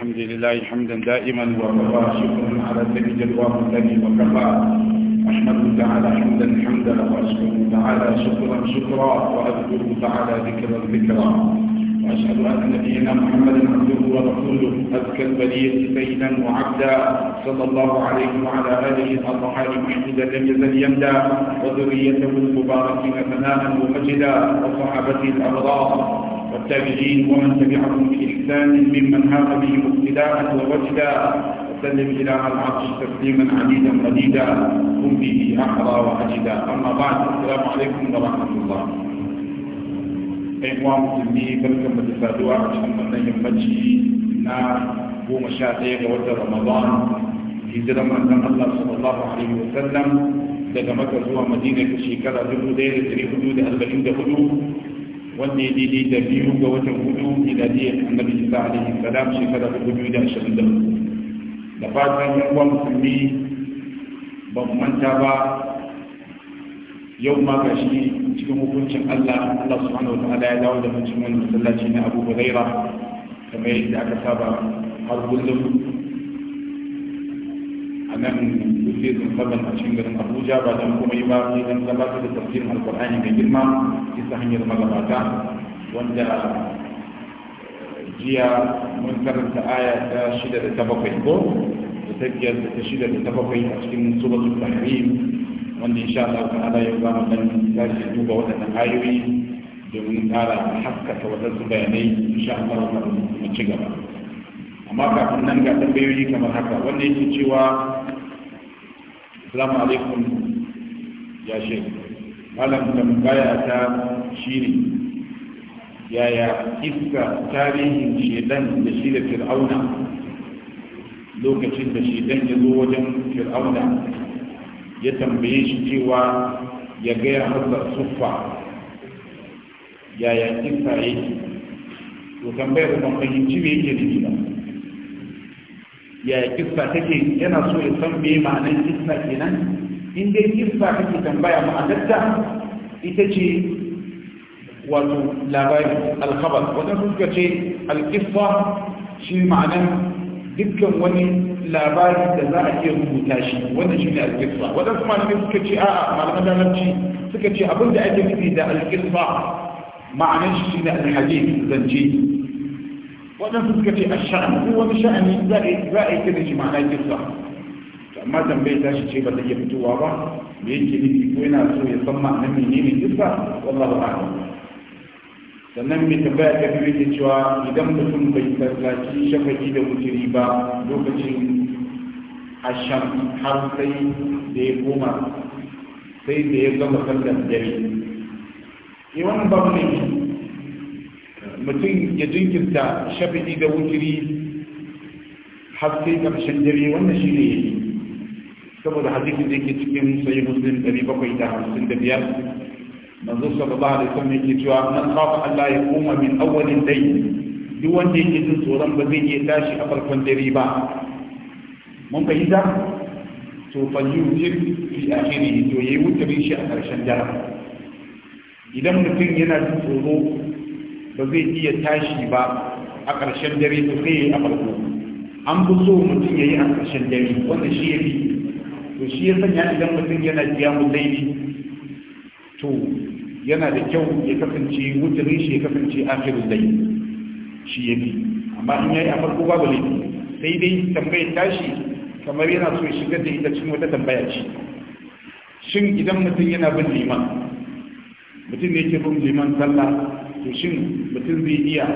الحمد لله حمدا دائما وكفى شكرا على الذي جلواه الذي وكفى أحمده تعالى حمدا حمدا وأشكره تعالى شكرا شكرا وأذكره تعالى ذكرا ذكرا وأشهد أن نبينا محمدا عبده ورسوله أزكى البرية سيدا وعبدا صلى الله عليه وعلى آله الأطهار محمدا لم يزل يمدا وذريته المباركين ثناء ومجدا وصحابته الأبرار والتابعين ومن تبعهم بإحسان ممن هاق بهم ابتداء ووجدا وسلم إلى العرش تسليما عديدا مديدا هم به أحرى وأجدا أما بعد السلام عليكم ورحمة الله أيها المسلمين بركم بتسادوا عشان من يمشي نا هو مشاهد وتر رمضان صلى الله عليه وسلم alaihi wa هو مدينة maka zuwa madina حدود shekara حدود wanda ya daidai da biyu ga watan hudu miladiyar annabi isa alaihi salam shekara dubu biyu da ashirin da da fatan yan uwa musulmi ba mu manta ba yau ma gashi cikin hukuncin allah allah subhanahu wa ta'ala ya dawo da mutum wani masallaci na abu huraira kamar yadda aka saba har kullum nan yake sun saban a cikin garin abuja ba don komai ba sai don gabatar da tafsirin alkur'ani mai girma isa hanyar magabata wanda jiya mun karanta aya ta shida da ta bakwai ko da ta biyar da ta shida da ta bakwai a cikin suratul tahrim wanda insha Allah ta'ala yau za mu dan zaki duba waɗannan ayoyi domin ƙara haskaka waɗansu bayanai insha Allah mu ci gaba amma kafin nan ga tambayoyi kamar haka wanda yake cewa salamu alaikum ya shek malam tambaya ta shine yaya iska tarihin shedan da shi da fir'auna lokacin da shedan ya zo wajen fir'auna ya tambaye shi cewa ya gaya masa suffa yaya iska yake to tambayar kuma fahimci me yake nufi ba ya kissa take yana so ya san me ma'anar kissa kenan in dai kissa kake tambaya ma'anarta ita ce wato labari alkhabar wajen suka ce alkissa shi ma'anar dukkan wani labari da za a iya rubuta shi wannan shi ne alkissa wajen kuma ne suka ce a'a malaman dalarci suka ce abin da ake nufi da alkissa ma'anar shi ne alhadith zance su suka ce a sha'an ko wani sha'ani za a yi da shi ma'ana kisa amma ta tashi ce ba ta iya fitowa ba me yake nufi ko yana so ya san ma'anar menene kisa wallahu a'lam sannan mai tambaya ta biyu yake cewa idan mutum bai tsallaci shafaki da mutiri ba lokacin asham har sai da ya koma sai da ya gama sallar dare. Iwan eh, babu ne mutum ya jinkirta shafi'i da wutiri har sai ƙarshen dare wannan shi ne yi saboda hadisin da yake cikin sayi muslim 755 manzo sallallahu alaihi wasallam yake cewa man khafa Allah ya koma min awwalin dai duk wanda yake jin tsoron ba zai iya tashi a farkon dare ba mun fahimta to fa yujir fi akhirih to yayi wutarin shi a ƙarshen dare idan mutum yana jin tsoro ba zai iya tashi ba a ƙarshen dare to sai ya yi a farko an fi so mutum ya yi a ƙarshen dare wanda shi ya fi to shi ya sanya idan mutum yana mu laifi to yana da kyau ya kasance wuturin shi ya kasance akhirul dai, shi ya fi amma in ya yi a farko babu laifi sai dai tambayar tashi kamar yana so ya shigar da ita cikin wata tambaya ce shin idan mutum yana bin liman mutum ne ke bin liman sallah to shin mutum zai iya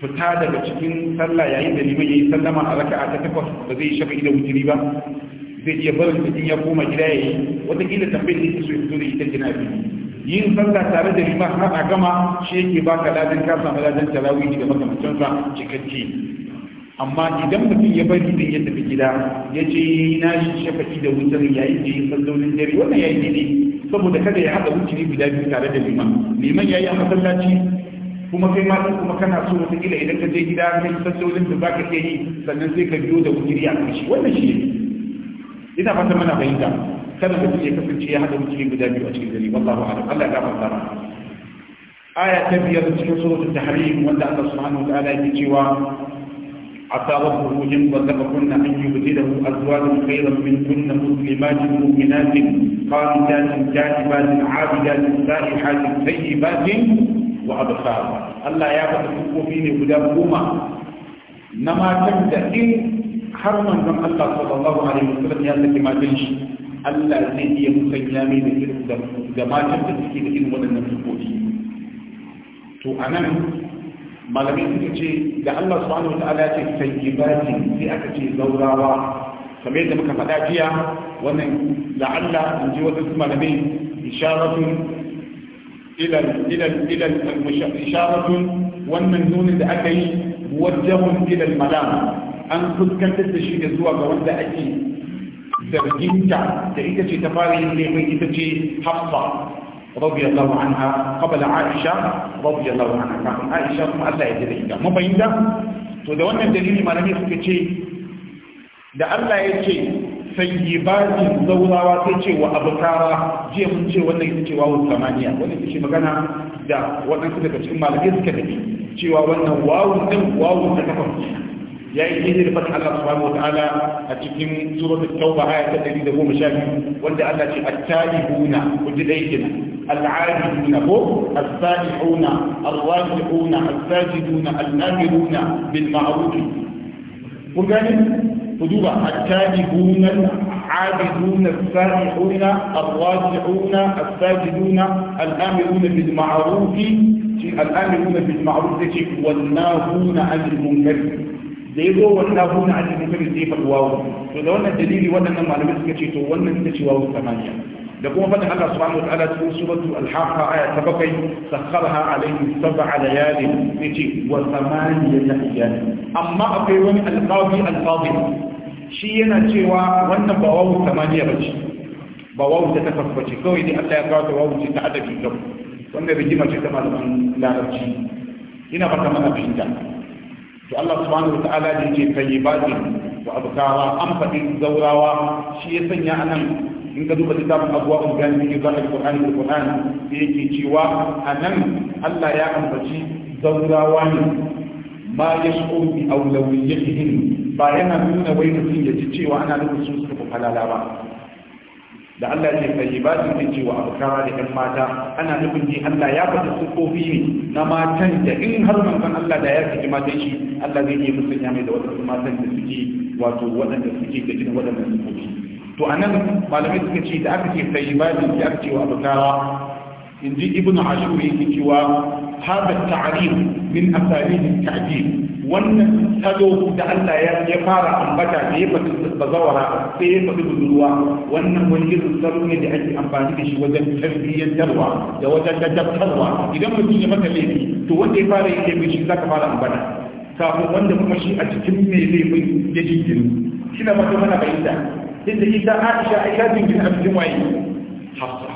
fita daga cikin sallah yayin da liman yi sallama a raka ta takwas ba zai shafa idan wuturi ba zai iya barin cikin ya koma gida yi. wata kila tambayar ne su so ya da ita kina bi yin sallah tare da liman har a gama shi yake ba ka ladan ka samu ladan daga da makamantansa cikakke amma idan mutum ya bari idan ya tafi gida ya ce eh, na shi shafa da wutar yayin da yin sallolin dare wannan yayin ne saboda kada ya haɗa wuturi guda biyu tare da liman liman ya yi a masallaci kuma kai ma kuma kana so wata kila idan ka je gida kai sassaulin da baka ke yi sannan sai ka biyo da wuturi a kashi wannan shi ne ina fata mana fahimta kada ka ya kasance ya haɗa wuturi guda biyu a cikin gari wallahu a'lam Allah ya gafarta mana aya ta biyar cikin suratul tahrim wanda Allah subhanahu wa ta'ala yake cewa عسى ربه جل وتقكن أن يبدله أزواجا خيرا منكن مسلمات مؤمنات قانتات جاذبات عابدات سائحات طيبات وأبصار الله يا فتحكم فيني هدى نما تبدأ إن حرما من الله صلى الله عليه وسلم يا ما تنشي Allah zai iya musanya mai da irin da matan da suke da irin waɗannan sukoki to a nan malamai suka ce da Allah subhanahu Ta'ala ce sayyibati sai aka ce zaurawa kamar da muka faɗa jiya wannan la'alla in ji wasu malamai isharatun إلى إلى إلى إشارة والمنون الأكي موجه إلى الملام أن تذكرت الشيء الزواج وأنت أكيد zarginta da ita ce ta fara yin laifin ita ce hafsa رضي الله عنها قبل عائشة رضي الله عنها كان عائشة ثم الله يدريك ما ita, ده to da wannan dalili malami suka ce da Allah ya ce sayyibatin zaurawa sai ce wa abukara jiya mun ce wannan ita ce wawu samaniya wannan ita ce magana da waɗansu daga cikin malamai suka tafi cewa wannan wawu din wawu ta kafa ya yi daidai da Allah subhanahu wataala a cikin suratul tauba aya ta 112 wanda Allah ce at-talibuna kudi dai kenan العاجزون هم السائحون الراجعون الساجدون الآمرون بالمعروف وقال فدوبا التائبون العابدون السائحون الراجعون الساجدون الآمرون بالمعروف الآمرون بالمعروف والناهون عن المنكر da ya zo wannan huna a cikin sai faɗi wawu to da wannan dalili waɗannan malamai da kuma fadin Allah subhanahu wa ta'ala cikin suratu al-haqqa aya ta bakwai sakharaha alayhi sab'a layalin yace wa thamaniyata ayyamin amma akwai wani al-qadi al-fadil shi yana cewa wannan ba wawu thamaniya bace ba wawu ta takwas bace kawai dai Allah ya kawo ta wawu ta adabi kawai wannan rigima ce ta malaman larabci ina fata mana fahimta to Allah subhanahu wa ta'ala da yake tayyibatin wa abkawa an faɗi zaurawa shi ya sanya anan in ka duba littafin abuwa un gani ne zaka Qur'ani da Qur'ani da yake cewa anan Allah ya ambaci zaurawa ne ma yashku bi awlawiyatihim ba yana nuna wai mutum ya ji cewa ana nufin su suka fi halala ba da Allah ya ce ba su ne cewa abokara da ƴan mata ana nufin ne Allah ya faɗi sukofi ne na matan da in har manzon Allah da ya saki matan shi Allah zai iya musanya mai da wasu matan da suke wato waɗanda suke da irin waɗannan sukofi to anan malamai suka ce da aka ce tayyibati da aka ce wa abkawa in ji ibnu ashur yake cewa hada ta'rif min asalib ta'dil wannan salo da Allah ya fara ambata da ya faɗi bazawara sai ya faɗi budurwa wannan wani irin salo ne da ake amfani da shi wajen tarbiyyantarwa da wajen dadabtarwa idan mutum ya maka laifi to wanda ya fara yin laifin shi zaka fara ambata kafin wanda kuma shi a cikin mai laifin ya jingiri shi na mata mana bayyana duk da ita aisha a bin bin abdin waye hafsa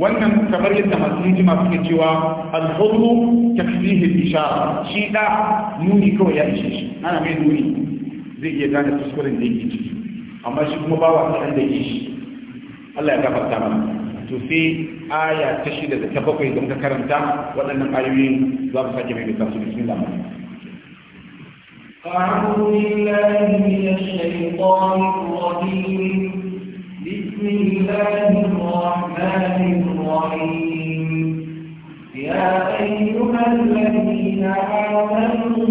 wannan kamar yadda masu hijima suke cewa alhudu tafsihi isha shi da nuni kawai ya ishe shi ana mai nuni zai iya gane kuskuren da yake ciki amma shi kuma bawa kaɗan da yake shi Allah ya gafarta mana to sai aya ta shida da ta bakwai da ta karanta waɗannan ayoyin za mu sake mai da su bismillah أعوذ بالله من الشيطان الرجيم بسم الله الرحمن الرحيم يا أيها الذين آمنوا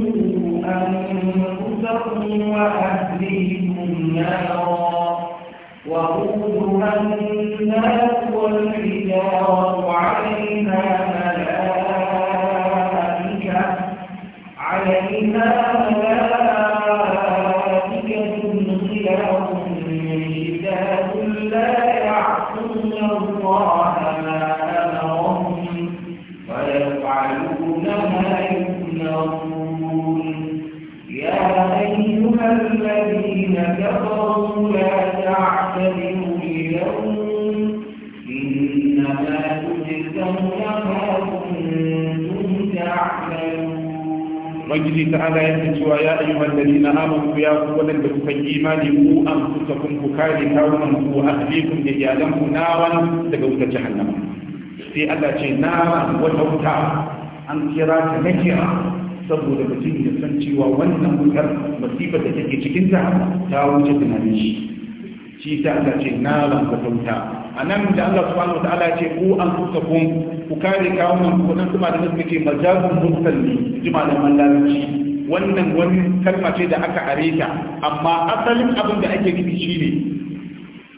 أنفسكم وأهليكم نارا وقودها الناس والحجارة ubangiji ta ala yake cewa ya ayyuhan ladina amanu ya ku wadanda kuka imani ku anfusakum ku kare kawunan ku ahlikum da iyalan ku nawan daga wutar jahannama sai Allah ce nawa wata wuta an kira ta na kira saboda mutum ya san cewa wannan wutar masifar da take cikin ta ta wuce tunanin shi shi ta Allah ce nawa wata wuta a nan da Allah subhanahu wa ta'ala ce ku anfusakum ku kare kawunan ku nan kuma da nake majazin mutalli jima da mallaci wannan wani kalma ce da aka are ta amma asalin abin da ake nufi shine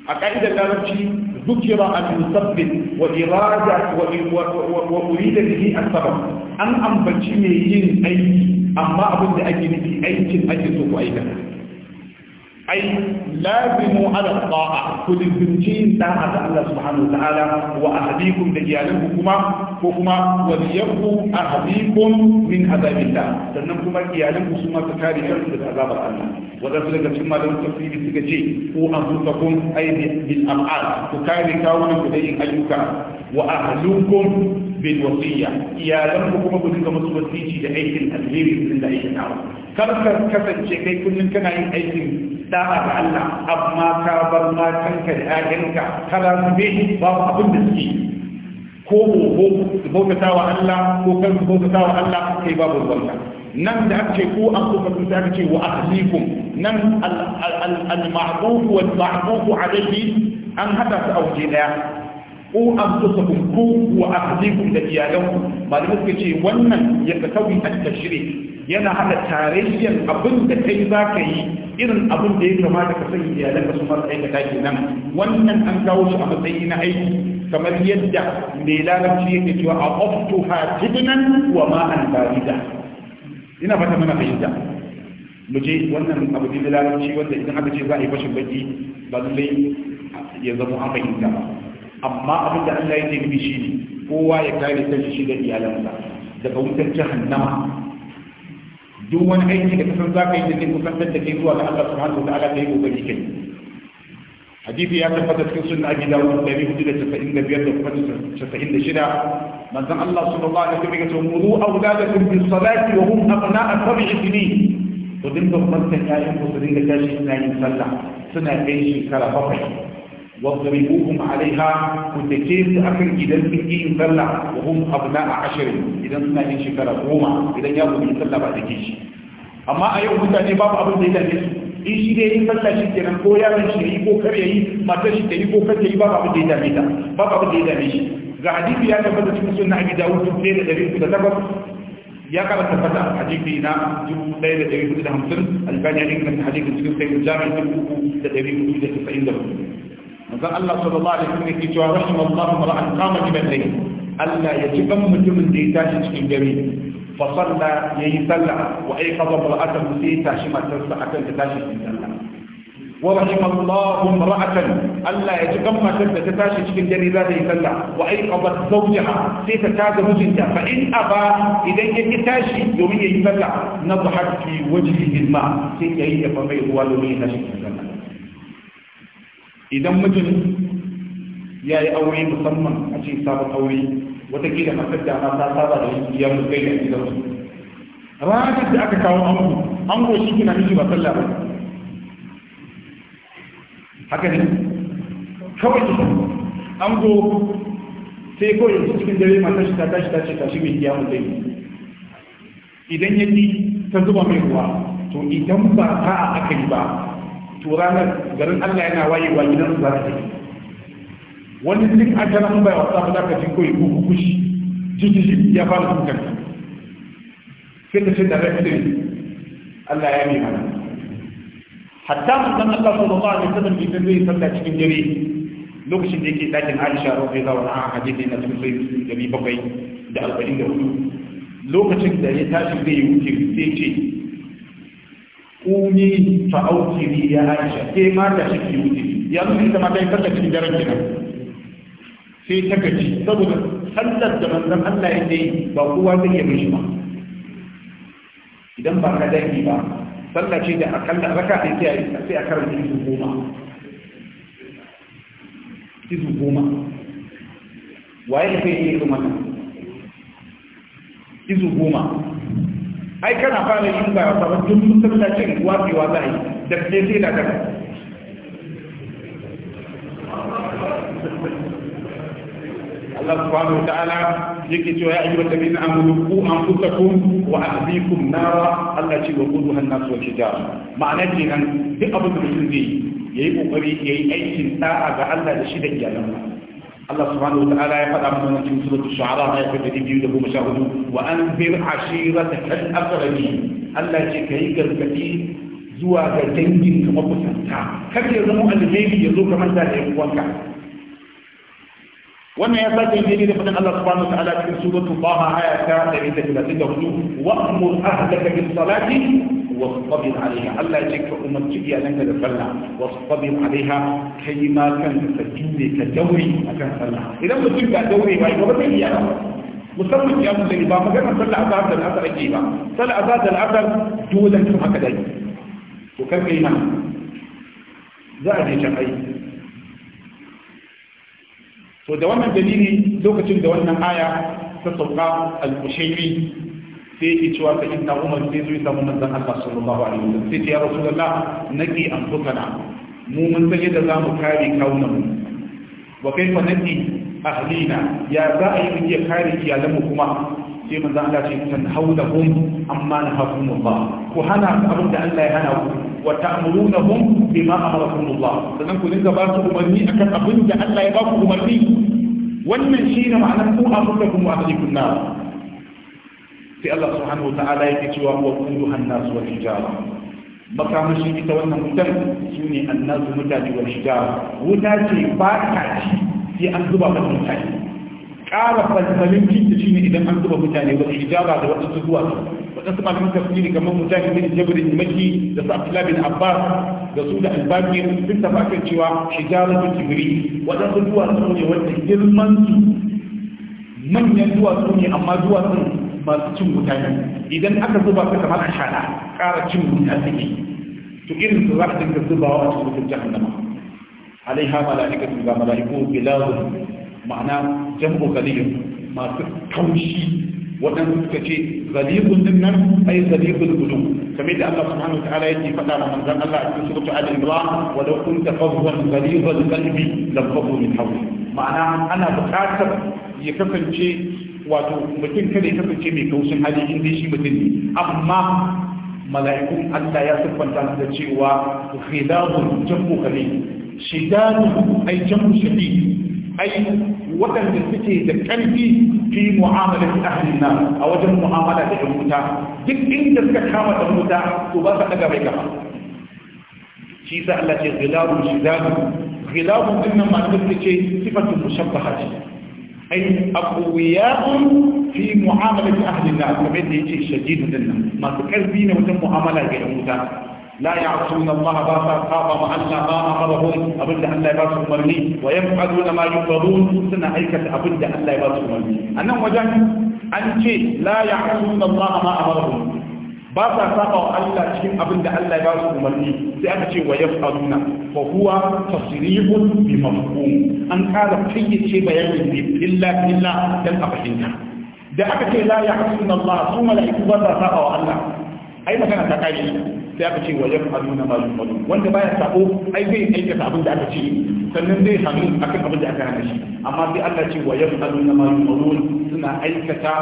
a ka'idar larabci zukira al-musabbit wa irada wa urida bihi as-sabab an ambaci ne yin aiki amma abin da ake nufi aikin ake so ku aikata ai lazimu ala ta'a ku lizinci ta'a da Allah subhanahu wataala wa ahdikum da iyalanku kuma ko kuma wa liyaqu ahdikum min azabillah sannan kuma iyalanku su su kare kansu daga azabar Allah wadansu daga cikin malamin tafsiri suka ce ku anfusakum ay bil am'al ku kare kawunan ku yin ayyuka wa ahlukum bil wasiya iyalanku kuma ku dinga da aikin alheri kar ka kasance kai kullun kana yin aikin da'a ga Allah amma ka bar matanka da ƴaƴanka ka razube babu abin da suke ko oho su bautata wa Allah ko kan su bautata wa Allah kai babu ruwanka nan da aka ake ko an kuka sun ta ce wa ahlikum nan al-ma'ruf wal ma'ruf alayhi an hada su auje daya ko an kuka kun ku wa ahlikum da iyalanku malamai suka ce wannan ya ka tawi at-tashri yana hana tarayyar abin da yi za ka yi irin abin da ya kamata ka sani iyalan ka su masu aikata ke nan wannan an kawo shi a matsayi na aiki kamar yadda mai larabci yake cewa a oftu ha tibnan wa ma an barida ina fata mana fahimta mu je wannan abu ne larabci wanda idan aka ce za a yi fashin baki ba zai ya zama an fahimta ba amma abin da Allah ya ce shi ne, kowa ya kare kanshi shi da iyalansa daga wutar jahannama duk wani aiki da kasan zaka yi da zai kusantar da kai zuwa ga Allah subhanahu wa ta'ala kai kokari kai hadisi ya tabbata cikin sunna abi dawud dari hudu da casa'in da biyar da kuma casa'in da shida manzon Allah sallallahu alaihi wasallam ya ce muru auladakum bis salati wa hum abna'a sab'i sinin ku dinga kwanta ƴaƴan ku su dinga tashi suna yin sallah suna kai kara bakwai واضربوهم عليها كتكيس أكل إذا سكين سلة وهم أبناء عشر إذا سنة إن شكرا روما إذا يابوا من سلة بعد كيش أما أيوم متعني باب أبو زيدا in shi dai in sallah shi kenan ko yaron shi yi ko kar yayi matar shi ta yi ko kar ta yi babu abin da ya dame ta babu abin da ya dame shi ga hadisi ya tabbata cikin sunna abi da da ya kara tabbata hadisi na dubu ɗaya da dari da hamsin albani ya inganta hadisi cikin sai jami'in da dari da tasa'in da hudu فالله صلى الله عليه وسلم كي رحم الله امرأة قام ببدله ألا يتبم من ديتاج تشكي جميل فصلى يتلع وأيقظ امرأة مسيتا شما تسعة تتاج ورحم الله امرأة ألا يتقم سد تتاشي تشكي جميل هذا يتلع وأيقظت زوجها في تتاج مسيتا فإن أبى إذا يتاشي يومي يتلع نضحك في وجهه الماء سيئي فبيض والمين تشكي جميل idan mijin ya yi aure musamman a ce sabon aure watakila matar da ma ta saba da yanki ya mutu da gidan su ranar da aka kawo ango ango shi kina miji ba sallah ba haka ne kawai an ango sai kawai yanzu cikin dare matar shi ta tashi ta ce tashi mai ya mutu idan ya ta zuba mai ruwa to idan ba ta a aka yi ba to ranar garin Allah yana wayewa gidan su za yi wani duk an tana mun bai wasa ba ka ji koyi ko kushi jijiji ya fara kukan sai ka ce da rafi Allah ya yi mana hatta mun san Allah sallallahu alaihi wasallam bi zai sallah cikin dare lokacin da yake dakin Aisha radiyallahu anha hadisi na cikin sai dari bakwai da arba'in da hudu lokacin da ya tashi zai yi wuce sai ce kuni fa autiri ya aisha ke ma ta shi ki wuce ya zo ita ma ta yi sallar cikin daren kina sai ta gaji saboda sallar da manzon Allah ya yi ba kowa zai iya mishi ba idan ba ka daki ba sallah ce da akalla raka ne sai a yi sai a karanta izu goma izu goma waye ne kai yi kuma izu goma ai kana fara yin ba ba tun sun tabbata cin wafewa za a yi da fiye sai da daga Allah subhanahu wa ta'ala yake cewa ya ayyuhal ladina amanu an anfusakum wa ahlikum nara Allah ce wa kudu an su wace hijara ma'ana kenan duk abin da mutum zai yi yayi kokari yi aikin da'a ga Allah da shi da iyalansa Allah subhanahu wa ta'ala ya faɗa mana wannan cikin suratul shu'ara ayat ta 214 wa anzir ashiratakal aqrabin Allah ce kai gargadi zuwa ga dangin ka makusanta kar ya zama alheri ya zo kamar da yan uwanka wannan ya sake yin da fadin Allah subhanahu wa ta'ala cikin suratul Taha ayat ta Wa wa'mur ahlaka bis salati wasabir alaiha Allah ya ce ka umarci iyalanka da sallah wasabir alaiha kai ma kan ka jure ka daure akan sallah idan mutum ba daure ba ba zai iya musamman ya mutum ba magana sallah azhar da asar ake ba sallah azhar da asar dole kan haka dai to kar za a je can to da wannan dalili lokacin da wannan aya ta sauka sai yake cewa ka in ta umar sai zai samu manzon Allah sallallahu alaihi wasallam sai ya rasulullah naki an tukana mu mun san yadda zamu kare kauna mu wa kaifa naki ahlina ya za a yi mu iya kare iyalanmu kuma sai manzo Allah ce tan haulahum amma na nahakum Allah ku hana abin da Allah ya hana ku wa ta'murunahum bima amarakum Allah sannan ku dinga ba su umarni akan abin da Allah ya ba ku umarni wannan shine ma'anar ku kuma a ahlikum nar sai Allah subhanahu wata'ala yake cewa wa qulu hannas wal hijara makamashi ita wannan wutar shine ne annasu mutane wal hijara wuta ce ba ta ci sai an zuba mata mutane ƙara falfalin cinta shi ne idan an zuba mutane wal hijara da waɗansu duwatsu waɗansu malamin tafsiri kamar mutane bin jabir bin maki da su Abdullahi bin abbas da su da albakir sun tafakan cewa hijara da kibri waɗansu duwatsu ne wanda girman su manyan duwatsu ne amma duwatsun masu cin wuta ne idan aka zuba ka kamar a shada ƙara cin wuta ne to irin su za a dinga zuba a cikin wutar jahannama alaiha mala'ikatu ga mala'iku bilawu ma'ana jam'u qalil masu taushi waɗanda suka ce zaliqun din nan ai zaliqul qulub kamar da Allah subhanahu wa ta'ala yake faɗa ma manzon Allah a cikin suratul al-imran wa law kunta fawwan zaliqul qalbi lam min hawli ma'ana ana buƙatar ya kasance wato mutum kada ya kasance mai kaushin hali in dai shi mutum ne amma mala'ikun Allah ya siffanta da cewa khidabun jambu kale shidanu ay jambu shadid ai waɗanda suke da ƙarfi fi mu'amala da ahlin nan a wajen mu'amala da ɗan wuta duk inda suka kama da wuta to ba sa ɗaga mai gaba shi sa Allah ce gilabun shidanu gilabun ɗin nan masu ce sifatun mushabbaha ce ai aqwiya'un fi mu'amalati ahli an-nar kamar yadda yake shadidu dinnan masu karfi ne wajen mu'amala ga yan wuta لا يعصون الله باسا خاف ما الله ما أمرهم أبدا أن لا يباسوا مرني ويفعلون ما يفضون سنة أيكة أبدا أن لا يباسوا مرني أنا وجد أنت لا يعصون الله ما أمرهم باسا خاف الله شيء أبدا أن لا يباسوا مرني سأتي ويفعلون فهو تصريح بمفهوم an ƙara fayyace bayanin ne illa illa dan a fahimta da aka ce la ya hasu na Allah su mala'iku ba za a saba wa Allah ai magana ta kare sai aka ce wa ya faru na malu malu wanda baya sabo ai zai aikata abin da aka ce sannan zai hannu akan abin da aka hana shi amma sai Allah ce wa ya faru na malu malu suna aikata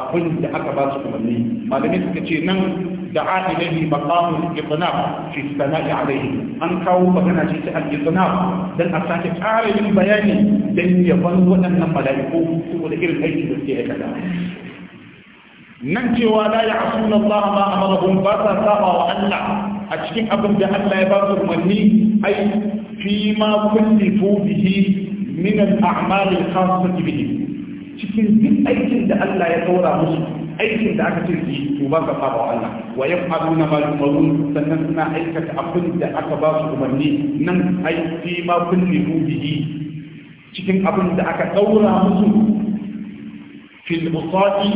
abin da aka ba su umarni malamai suka ce nan da ainihin makamun iqnaf fi sanai alaihi an kawo magana shi ta iqnaf dan a sake ƙara yin bayani dan ya ban wannan malaiku su da irin aiki da suke aikata nan cewa la ya asuna Allah ma amarahum ba sa saba wa Allah a cikin abin da Allah ya ba su umarni ai fi ma kullifu bihi min al a'mal al khassa bihi cikin duk aikin da Allah ya daura musu aikin da aka ce su yi to ba ka saba wa Allah wa yaf'aluna ma yu'marun sannan suna aikata abin da aka ba su umarni nan ai fi ma kulli bihi cikin abin da aka daura musu fil musati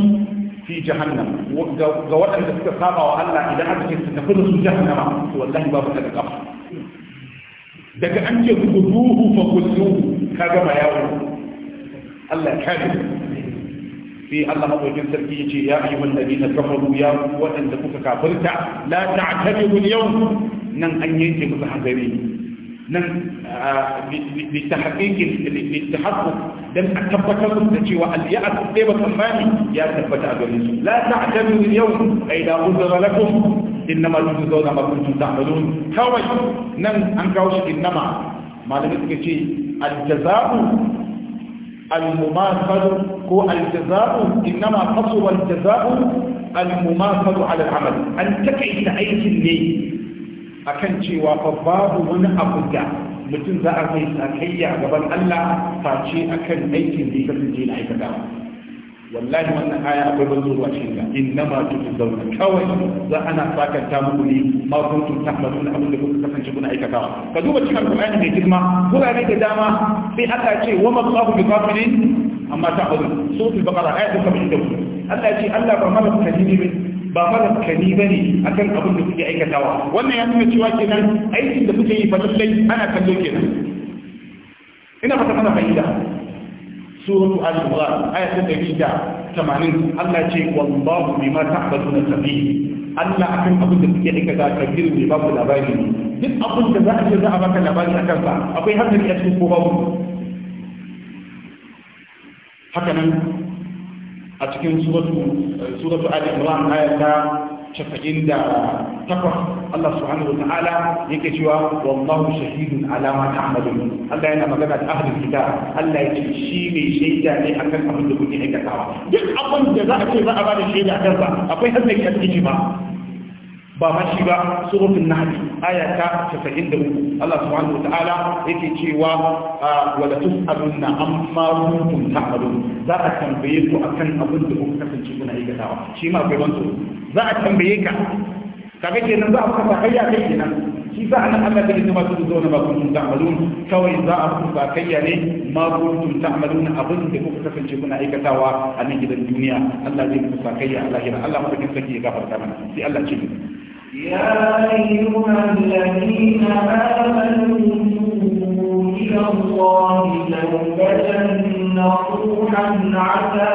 fi jahannam ga waɗanda suka saba wa Allah idan aka ce su tafi da su jahannama to wallahi babu daga kafa daga an ce ku duhu fa kullu ka gama yawo Allah ya sai Allah madaukin sarki yace ya ayyuhan ladina kafaru ya waɗanda kuka kafarta la ta'tabiru al-yawm nan an yanke musu hanzari nan bi tahqiqin bi tahaqquq dan a tabbatar da cewa al-ya'at dai ba tsammani ya tabbata a gare su la ta'tabiru al-yawm ay la udra lakum innama tujzauna kawai nan an kawo shi innama malamin suka ce al-mumasalu ko al-jaza'u inma qasaba al-jaza'u al-mumasalu 'ala al an takaita aikin ne akan cewa fa babu wani abu da mutum za a kai sakayya gaban Allah face akan aikin da ya kasance na aikata wallahi wannan aya akwai ban zuwa cikin ga innama tujzauna kawai za ana fakanta muku ne ma kuntum ta'maluna abin da kuka kasance kuna aikatawa ka duba cikin alqur'ani mai girma gurare da dama sai aka ce wa ma Allahu bi ghafilin amma ta ta'malun suratul baqara ayatu 74 Allah ce Allah ba mara kalimi ne ba mara kani bane akan abin da kuke aikatawa wannan ya nuna cewa kenan aikin da kuke yi fa lallai ana kallo kenan ina fata kana fa'ida. suru al-imran aya ta da tamanin Allah ce wallahu bima ta'maluna khabir Allah akan abin da suke aikata kabir ne babu labari duk abin da za a ce za a baka labari akan sa akwai hankali a cikin ko babu haka nan a cikin suratu suratu ali imran aya shafa'in da takwas Allah subhanahu wa ta'ala yake cewa wallahu shahidun ala ma ta'malun Allah yana magana da ahlul kitab Allah ya ce shi ne shaida ne akan abin da kuke aikatawa duk abin da za a ce za a ba da shaida akan sa akwai hanzari a cikin ba ba ma shi ba suratul nahl aya ta 93 Allah subhanahu wataala yake cewa ah, wa la tusaluna amma kuntum ta'malun za a tambaye ku akan abin da kuka kasance kuna aikatawa shi ma akwai wanzu. za a tambaye ka kaga kenan za a kuka kai ya kai kenan shi sa anan Allah ya nima su zo na ba kun ta'malun kawai za a kuka kai ya ne ma kuntum ta'malun abin da kuka kasance kuna aikatawa a nan gidan duniya Allah zai kuka kai ya Allah ya Allah madaukin sarki ya gafarta mana sai Allah ce يا أيها الذين آمنوا إلى الله توبة نصوحا عسى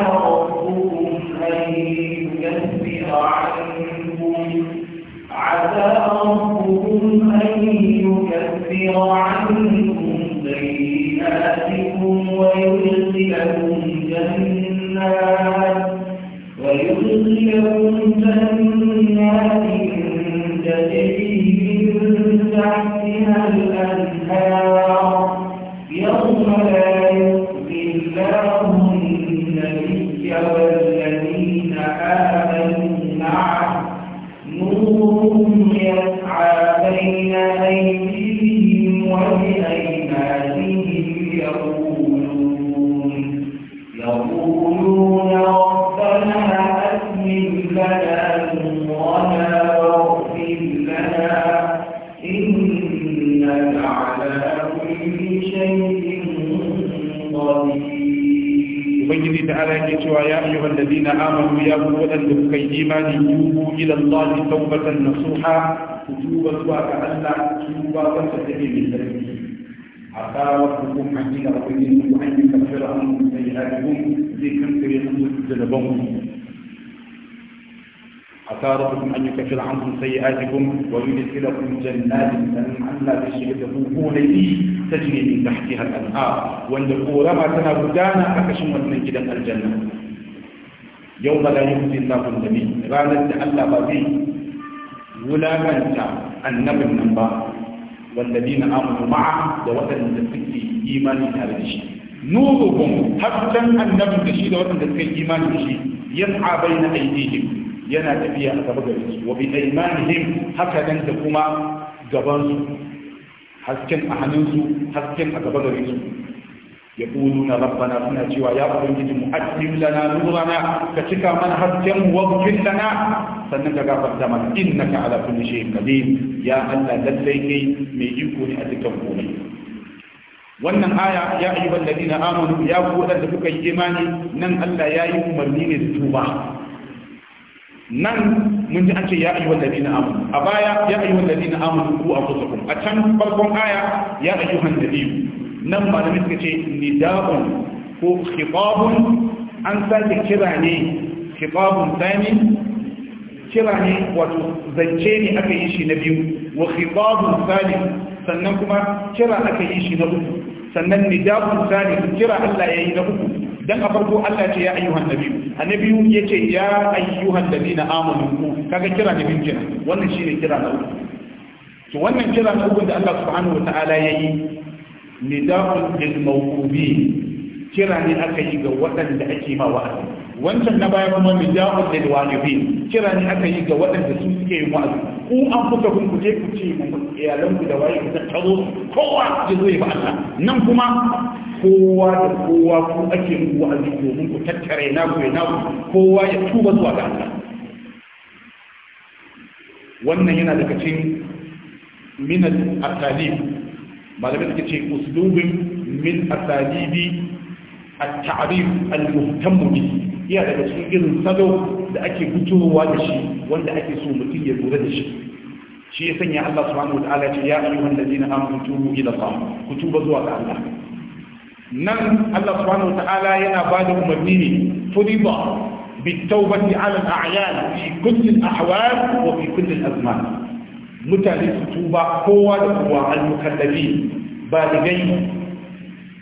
أن يكفر عنه ربكم أن يكفر عنكم سيئاتكم ويدخلكم جنات تنعمنا بشيء تفوقون لي تجري من تحتها الأنهار والذكور ما تنابدانا أكشم من كده الجنة يوم لا يخزي الله النبي رانا تألا بابي ولا منتا النبي النبا والذين آمنوا معه دوتن تفكي إيماني تاريشي نورهم حتى النبي تشيد وتن تفكي إيماني تشيد يسعى بين أيديهم yana tafiya a gaba gari wa bi aimanihim haka dan da kuma gaban su hasken a hannunsu hasken a gaba gari su ya ƙulu na rabbana suna cewa ya ubangiji mu addin lana nurana ka cika mana hasken wakin lana sannan ka gafarta mana innaka ala kulli shay'in qadir ya Allah lallai kai mai iko ne a dukkan komai wannan aya ya ayyuhal ladina amanu ya ku da kuka yi imani nan Allah ya yi umarni ne da tuba nan mun ji an ce ya ayyuhal ladina amanu a baya ya ayyuhal ladina amanu ku anfusakum a can farkon aya ya ayyuhan nabiyyu nan ba da suka ce nida'un ko khitabun an sake kira ne khitabun thani kira ne wato zance ne aka yi shi na biyu wa khitabun salim sannan kuma kira aka yi shi na uku sannan nida'un thani kira Allah yayi na uku dan a farko Allah ce ya ayyuhan nabi annabi yace ya ayyuhan ladina amanu kaga kira ne bin kira wannan shine kira na uku to wannan kira na uku da Allah subhanahu wataala yayi nida'un lil mawqubin kira ne aka yi ga waɗanda ake ma wa'azi wancan na baya kuma mijahul lil walidin kira ne aka yi ga waɗanda su suke yin wa'azi ku an kuka kun kuje ku ce mu iyalan ku da waye ku tattaro kowa ya zo ya ba Allah nan kuma kowa da kowa ku ake muku wa'azi domin ku tattare na ku na ku, kowa ya tuba zuwa ga Allah wannan yana daga cikin min al-asalib malamai suke ce uslubin min asalibi التعريف المهتم به يا daga cikin irin salo da ake fitowa da shi wanda ake so mutum ya lura da shi shi ya sanya Allah subhanahu wa ta'ala ce ya ayyuhan ladina amanu tubu ila Allah ku tuba zuwa ga Allah nan Allah subhanahu wa ta'ala yana ba da umarni ne furiba بالتوبة على الأعيان في كل الأحوال وفي كل الأزمان متى لتوبة قوة المكلفين بالغين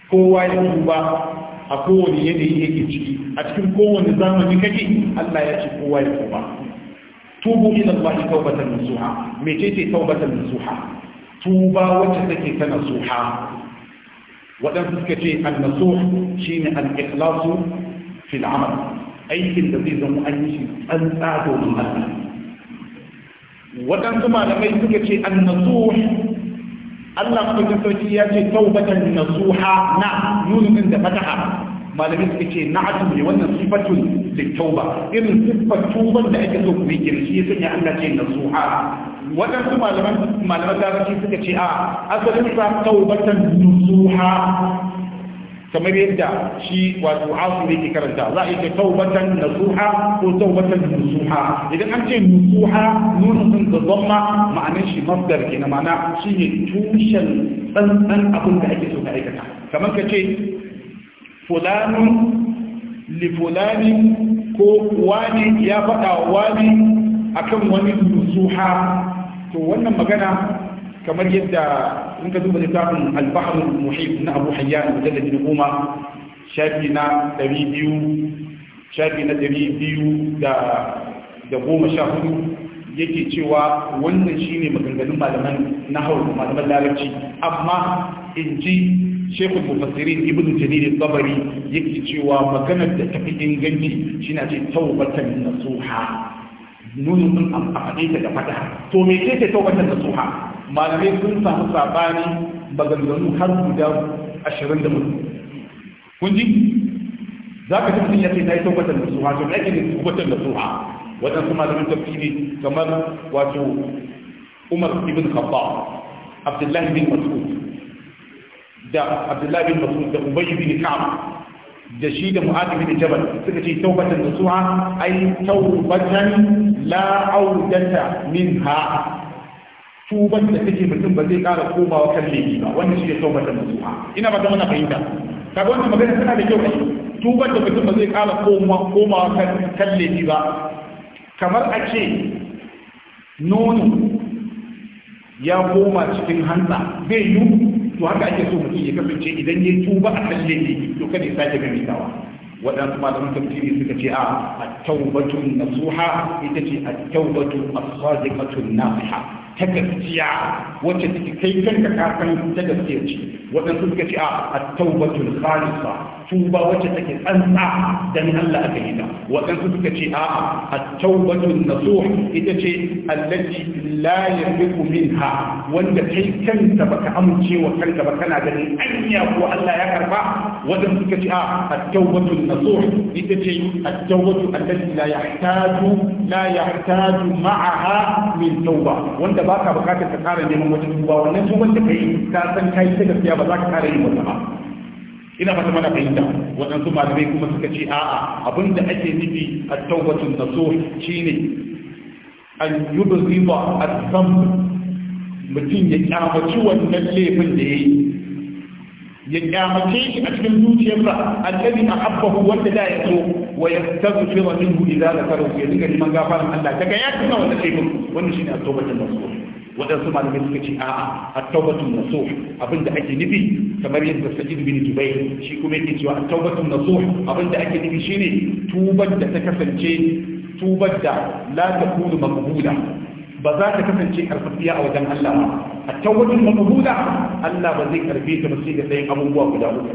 kowa ya duba a kowane yanayi yake ciki a cikin kowane zamani kake Allah ya ce kowa ya tuba tubu ila Allah tawbatan nasuha mecece tawbatan nasuha tuba wacce take ta nasuha waɗansu suka ce annasuh shine al-ikhlasu fil amal aikin da zai zama an yi an tsado Allah waɗansu malamai suka ce annasuh Allah mutum sauki ya ce taubatan nasuha na nunin da fataha malami suka ce na'atu ne wannan sifatun tauba. irin sifar tuban da ake so ku yi kirshi ya sanya Allah ce nasuha waɗansu malaman malaman garashi suka ce a asalin sa taubatan nasuha kamar yadda shi wato asu ne ke karanta za a yi taubatan nasuha ko taubatan nusuha idan an ce nusuha nuna sun ga zama ma'anin shi mafdar ke na shi ne tushen tsantsan abin da ake so ka aikata kamar ka ce fulanin li ko wani ya faɗa wani akan wani nusuha to wannan magana kamar yadda in ka duba littafin al-bahr na Abu hayya, Hayyan mujallad na goma shafi na ɗari biyu, shafi na 200 da da goma sha hudu yake cewa wannan shine maganganun malaman na nahwu malaman larabci amma in ji shekul mufassirin ibn jarir tabari yake cewa maganar da tafi inganci shine ce taubatan nasuha nunun an afade ta da fata to me ce ce taubatan nasuha malamai sun samu sabani maganganu har guda ashirin da mutu kun ji za ka tafi ya ce na yi tabbatar da suha to na yi tabbatar da suha waɗansu malamin tafsiri kamar wato umar ibn khattab abdullahi bin Mas'u, da abdullahi bin Mas'u da ubayy bin kama da shi da mu'adu bin jabal suka ce da taubatan nasuha ai taubatan la audata ha'a. tuban da take mutum ba zai ƙara komawa kan laifi ba wannan shi ne taubar da nasuha ina ba ta mana fahimta kaga wannan magana tana da kyau tuban da mutum ba zai ƙara komawa kan laifi ba kamar a ce nono ya koma cikin hanta zai yi to haka ake so mutum ya kasance idan ya tuba a kan laifi to kada ya sake gamisawa waɗansu malaman tafsiri suka ce a at-taubatu nasuha ita ce at-taubatu as-sadiqatu nasiha ta gaskiya wacce take kai kanka ka san ta gaskiya ce waɗansu suka ce a at-taubatul khalisa tuba wacce take tsantsa dan Allah aka yi ta waɗansu suka ce a at-taubatul nasuh ita ce allati la yafiqu minha wanda kai kanka baka amince wa kanka ba kana ganin anya ko Allah ya karba waɗansu suka ce a at-taubatul nasuh ita ce at taubatu allati la yahtaju la yahtaju ma'aha min tauba wanda ba ka bukatar ka kare neman wajen duba wannan wanda ka yi ka san yi ta gaskiya ba za ka kare yin wata ba ina fata mana fahimta waɗansu malamai kuma suka ce a'a abin da ake nufi a tawbatun shi ne. an yi yubghiba az a mutum ya kyamaci wannan laifin da ya yi. ya kyamace shi a cikin zuciyarsa alladhi ahabbahu wanda da ya so wa yastaghfiru minhu idza zakarahu ya dinga neman gafaran Allah kaga ya tuna wannan laifin wannan shine at-tawbatul nasuh wadansu malamai suka ce a'a at-tawbatul nasuh abinda ake nufi kamar yadda Sajid bin Jubair shi kuma yake cewa at-tawbatul nasuh abinda ake nufi shine tubar da ta kasance tubar da la takunu maqbula ba za ta kasance karfafiya a wajen Allah ba A hatta wajen mabuda Allah ba zai karfe ta ba sai da ɗayan abubuwa guda uku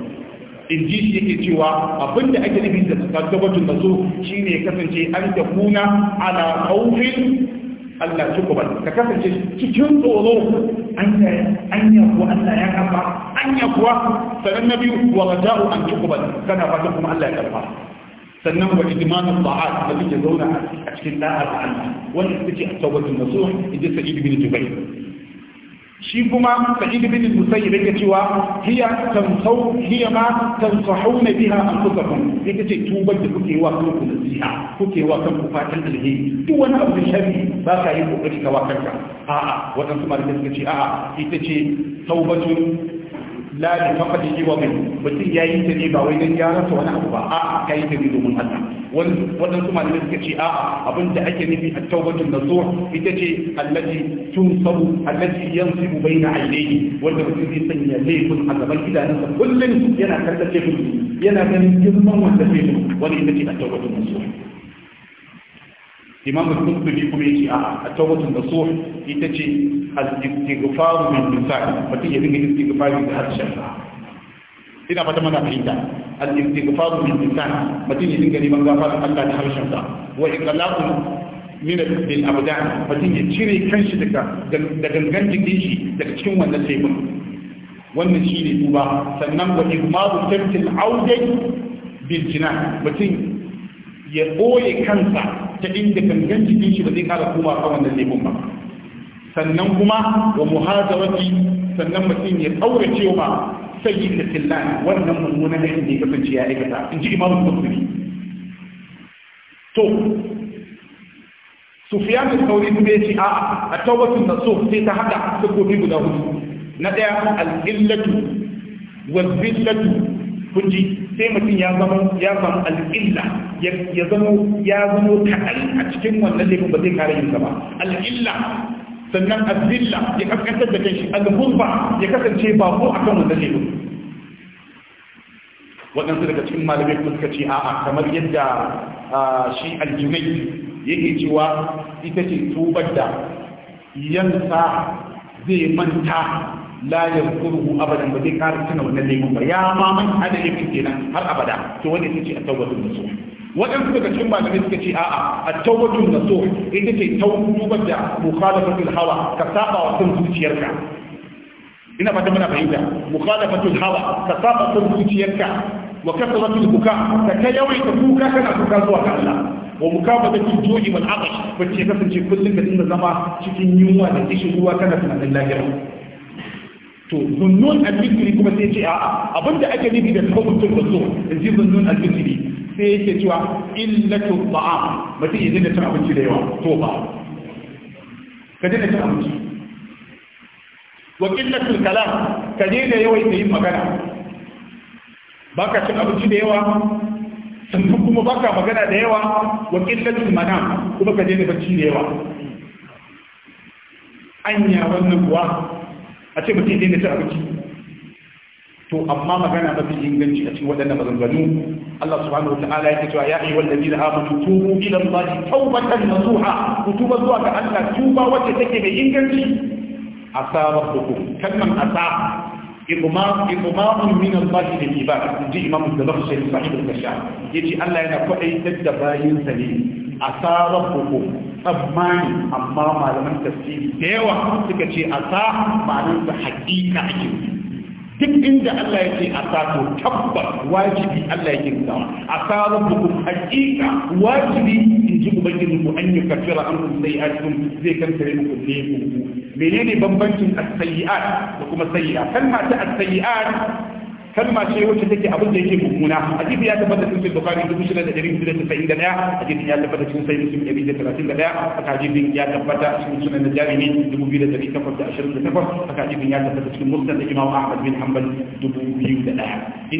in ji shi yake cewa abin da ake nufi da tsakabacin da so shi ne kasance an da kuna ala kaufin Allah ci tukuban ka kasance cikin tsoro an ya kuwa Allah ya kafa an ya kuwa sanan na biyu wa raja'u an tukuban kana fatan kuma Allah ya karfa. sannan wa idmanu ta'at da muke zauna a cikin da'ar Allah wannan ita ce tawbatul nasuh inda Sa'id bin Jubair shi kuma Sa'id bin Musayyib yake cewa hiya tansaw hiya ma tansahuna biha anfusakum yake ce tubar da kuke wa kanku nasiha kuke wa kanku fatan alheri duk wani abu da shafi ba ka yi kokari ka wa kanka a'a wadansu malamai suka ce a'a ita ce tawbatul la bi mafadi wa min mutum ya yi ta ne ba wai don gyara ta wani abu ba a ka yi ta ne domin Allah wannan kuma da suka ce a abin da ake nufi a tawbatul nasuh ita ce tun sabu yan tunsabu allati yansibu baina ainihi wanda mutum zai sanya laifin a gaban idanunsa kullum yana kallon laifin yana ganin girman wanda laifin wani ita ce a tawbatul nasuh imam al-qurtubi kuma yace a at-tawbatu nasuh ita ce al-istighfaru min lisan mutum ya dinga istighfari da harshen ina fata mana fahimta al-istighfaru min lisan mutum ya dinga neman gafara Allah da harshen sa wa iqlaqu min bil abdan mutum ya cire kanshi daga da gangan jikin shi daga cikin wannan laifin wannan shine duba sannan wa igmaru tamtil audai bil jinan mutum ya ɓoye kansa ta inda kankan jikin shi ba zai kuma a kan wannan neman ba sannan kuma wa muhazawati sannan mutum ya tsaura cewa sai da tillan wannan mummunan da ya kasance ya aikata in ji imamu musulmi to sufiyan al-kauri kuma ya ce a a tawbatun da so sai ta hada sakofi guda hudu na ɗaya al-illatu zillatu kun sai mutum ya zama ya zama al'illa ya zama ya zama kaɗan a cikin wannan laifin ba zai kare yinsa ba al'illa sannan azilla ya kaskantar da kanshi al-gurba ya kasance ba ko akan wannan laifin waɗansu daga cikin malamai kuma suka ce a'a kamar yadda shi aljumai yake cewa ita ce tubar da yansa zai manta la yazkuruhu abadan ba zai kara tuna wannan laifin ba ya ma man hada laifin kenan har abada to wanda yake ce at-tawbatu nasuh Wadansu daga cikin malamai suka ce a'a at-tawbatu nasuh ita ce tawbar da mukhalafatul hawa ka saba wa san zuciyarka ina fata muna fahimta mukhalafatul hawa ka saba san zuciyarka wa ka kasratul kuka? ka ta yawaita kuka kana kuka zuwa ga Allah wa mukabatatul ju'i wal 'atash bace kasance kullum da dinga zama cikin yunwa da kishin ruwa kana tunanin lahira to zunnun al fikri kuma sai ce a'a abinda ake nufi da tawbatul rasul in ji zunnun al fikri sai yake cewa illatu ta'am mutum ya dinga cin abinci da yawa to ba ka dinga cin abinci wa illatu kalam ka dinga da yin magana baka cin abinci da yawa sannan kuma baka magana da yawa wa illatu manam kuma ka dinga bacci da yawa anya wannan kuwa a ce mutum da ta abinci to amma magana mafi inganci a cikin waɗannan maganganu Allah subhanahu wataala yake cewa ya ayyuhal ladina amanu tubu ila Allahi tawbatan nasuha ku tuba zuwa ga Allah tuba wacce take mai inganci asa rabbukum kalman asa إضمام إضمام من الله للعباد دي إمام الزبخشري صاحب الكشاف يجي الله ينفع تدباين سليم عسى ربكم tsammani amma malaman tafsiri da yawa suka ce sa ma'anar sa haƙiƙa ake duk inda Allah yake asa to tabbas wajibi Allah yake gawa asa ku haƙiƙa wajibi in ji ubangiji ku an yi kafira an kun sai ajin zai kankare muku ne ku menene bambancin as-sayyi'at da kuma sayyi'a kalma ta as-sayyi'at kalma ce wacce take abin da yake mummuna hadisi ya tabbata cikin sahih bukhari 6691 hadisi ya tabbata cikin sahih muslim 131 haka hadisin ya tabbata cikin sunan najami 2828 haka hadisin ya tabbata cikin musnad imam ahmad bin hanbal 2001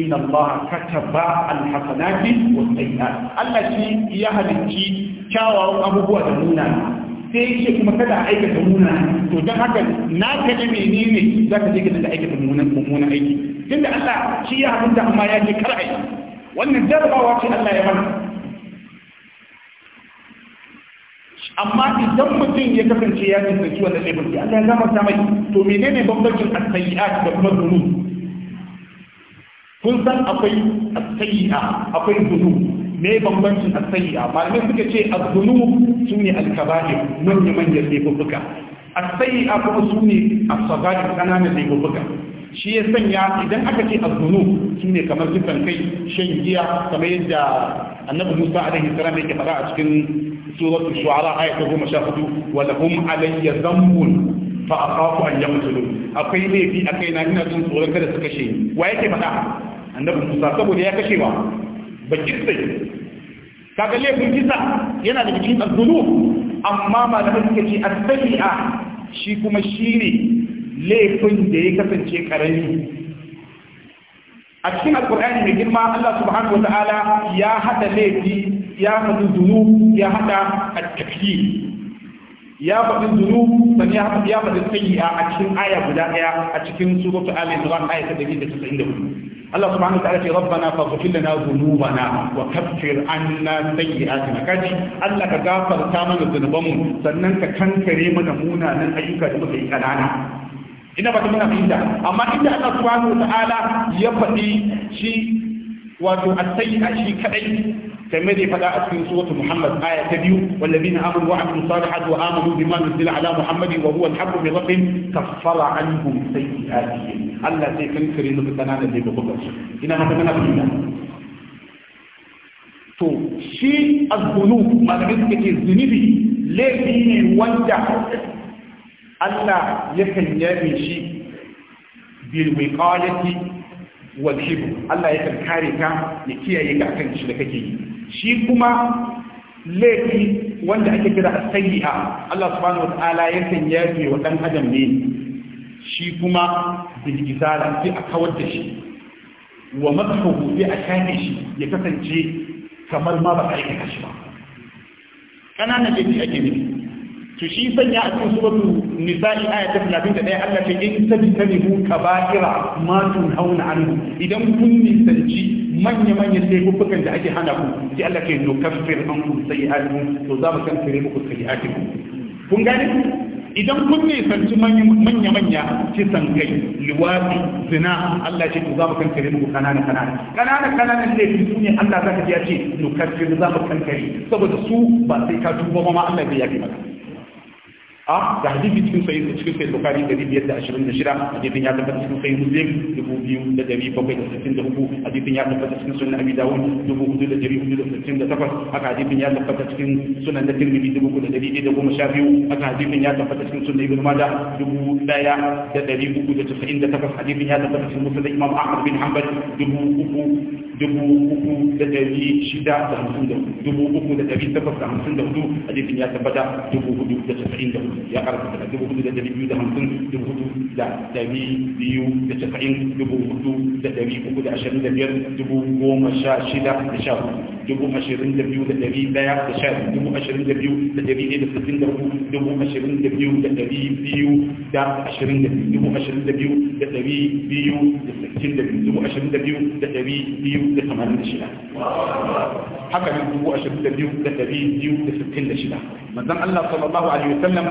inna allah kataba alhasanati wasayyi'at allah shi ya halicci kyawawan abubuwa da munana sai ce kuma kada aikata muna to don haka na kaɗa ne za ka je ka aikata mummunan aiki tunda Allah shi ya abinda da amma ya ce kar a yi wannan jarabawa ce Allah ya mana amma idan mutum ya kasance ya tantance wannan laifin sai Allah ya ta mai to menene bambancin as da kuma zunu kun san akwai as akwai zunu me bambancin as malamai suka ce azunu dhunub sune al-kaba'ir manya manyan laifuffuka as-sayyi'a kuma sune as-sagair kananan laifuffuka shi ya sanya idan aka ce azunu ne kamar kisan kai shan giya kamar yadda annabi Musa alaihi salam yake faɗa a cikin suratul shu'ara aya ta 14 wa lahum alayya dhanbun fa akhafu an yaqtulun akwai laifi kai na ina jin tsoron kada su kashe ni wa yake faɗa annabi Musa saboda ya kashe ba bakin kaga laifin kisa yana da cikin azunu amma malamai suke ce as shi kuma shine laifin da ya kasance karami a cikin alkur'ani mai girma Allah subhanahu wata'ala ya hada laifi ya faɗi zunu ya hada at ya faɗi zunu ya faɗi ya a cikin aya guda ɗaya a cikin suratu Ali Imran aya ta 194 Allah subhanahu wa ta'ala ce rabbana faghfir lana dhunubana wa kaffir anna sayyi'atina kaji Allah ka gafarta mana mu, sannan ka kankare mana munanan ayyuka da muka yi ƙanana. ina ba ta muna fahimta amma inda Allah subhanahu wa ta'ala ya faɗi shi wato as a shi kadai kamar da faɗa a cikin suratul Muhammad aya ta biyu wallazina amanu wa amilus salihati wa amanu bima nuzila ala Muhammadin wa huwa al-haqqu min rabbihim kaffara anhum sayyi'atihim Allah sai kankare musu kananan da babban ina ba ta muna fahimta to shi az-dhunub malamin suke zunubi laifi ne wanda Allah yakan yabe shi bil wiqalati wal hibr Allah yakan kare ka ya kiyaye ka kan shi da kake yi shi kuma laifi wanda ake kira as-sayyi'a Allah subhanahu wataala yakan yabe wa dan adam ne shi kuma bil gisala sai a kawar da shi wa madhuhu sai a shafe shi ya kasance kamar ma ba a aikata shi ba ƙananan laifi ake nufi to shi sanya a cikin suratul nisa'i aya ta ɗaya, Allah ce in tajtanibu kaba'ira ma hauna anhu idan kun nisanci manya-manya sai kufukan da ake hana ku sai Allah ce nukaffir ankum sayi'atikum to za mu san kankare muku ku. kun gane idan kun nisanci manya-manya ci san kai liwaɗi zina Allah ce za mu san fere muku kanana kanana kanana kanana ne su ne Allah zaka ji ya ce nukaffir za mu san kankare saboda su ba sai ka tuba ma Allah bai yafi maka a da hadisi cikin sai cikin sai bukari 526 hadisin ya tabbata cikin sai muslim 2763 hadisin ya tabbata cikin sunan abi dawud 4468 haka hadisin ya tabbata cikin sunan da tirmidhi 4112 haka hadisin ya tabbata cikin sunan ibn majah 1398 hadisin ya tabbata cikin musnad imam ahmad bin hanbal 3000 dubu uku da dari shida da hamsin da hudu dubu uku da dari takwas da hamsin da hudu hadisin ya tabbata dubu hudu da casa'in da hudu ya ƙara tabbata dubu hudu da dari biyu da hamsin dubu hudu da dari biyu da casa'in dubu hudu da dari uku da ashirin da biyar dubu goma sha shida da sha hudu dubu ashirin da biyu da dari daya da sha dubu ashirin da biyu da ɗari ɗaya da sittin da hudu dubu ashirin da biyu da dari biyu da ashirin da dubu ashirin da biyu da dari biyu da sittin da biyu dubu ashirin da biyu da dari biyu da tamanin da shida haka nan dubu ashirin da biyu da ɗari biyu da sittin da shida manzon Allah sallallahu alaihi wasallam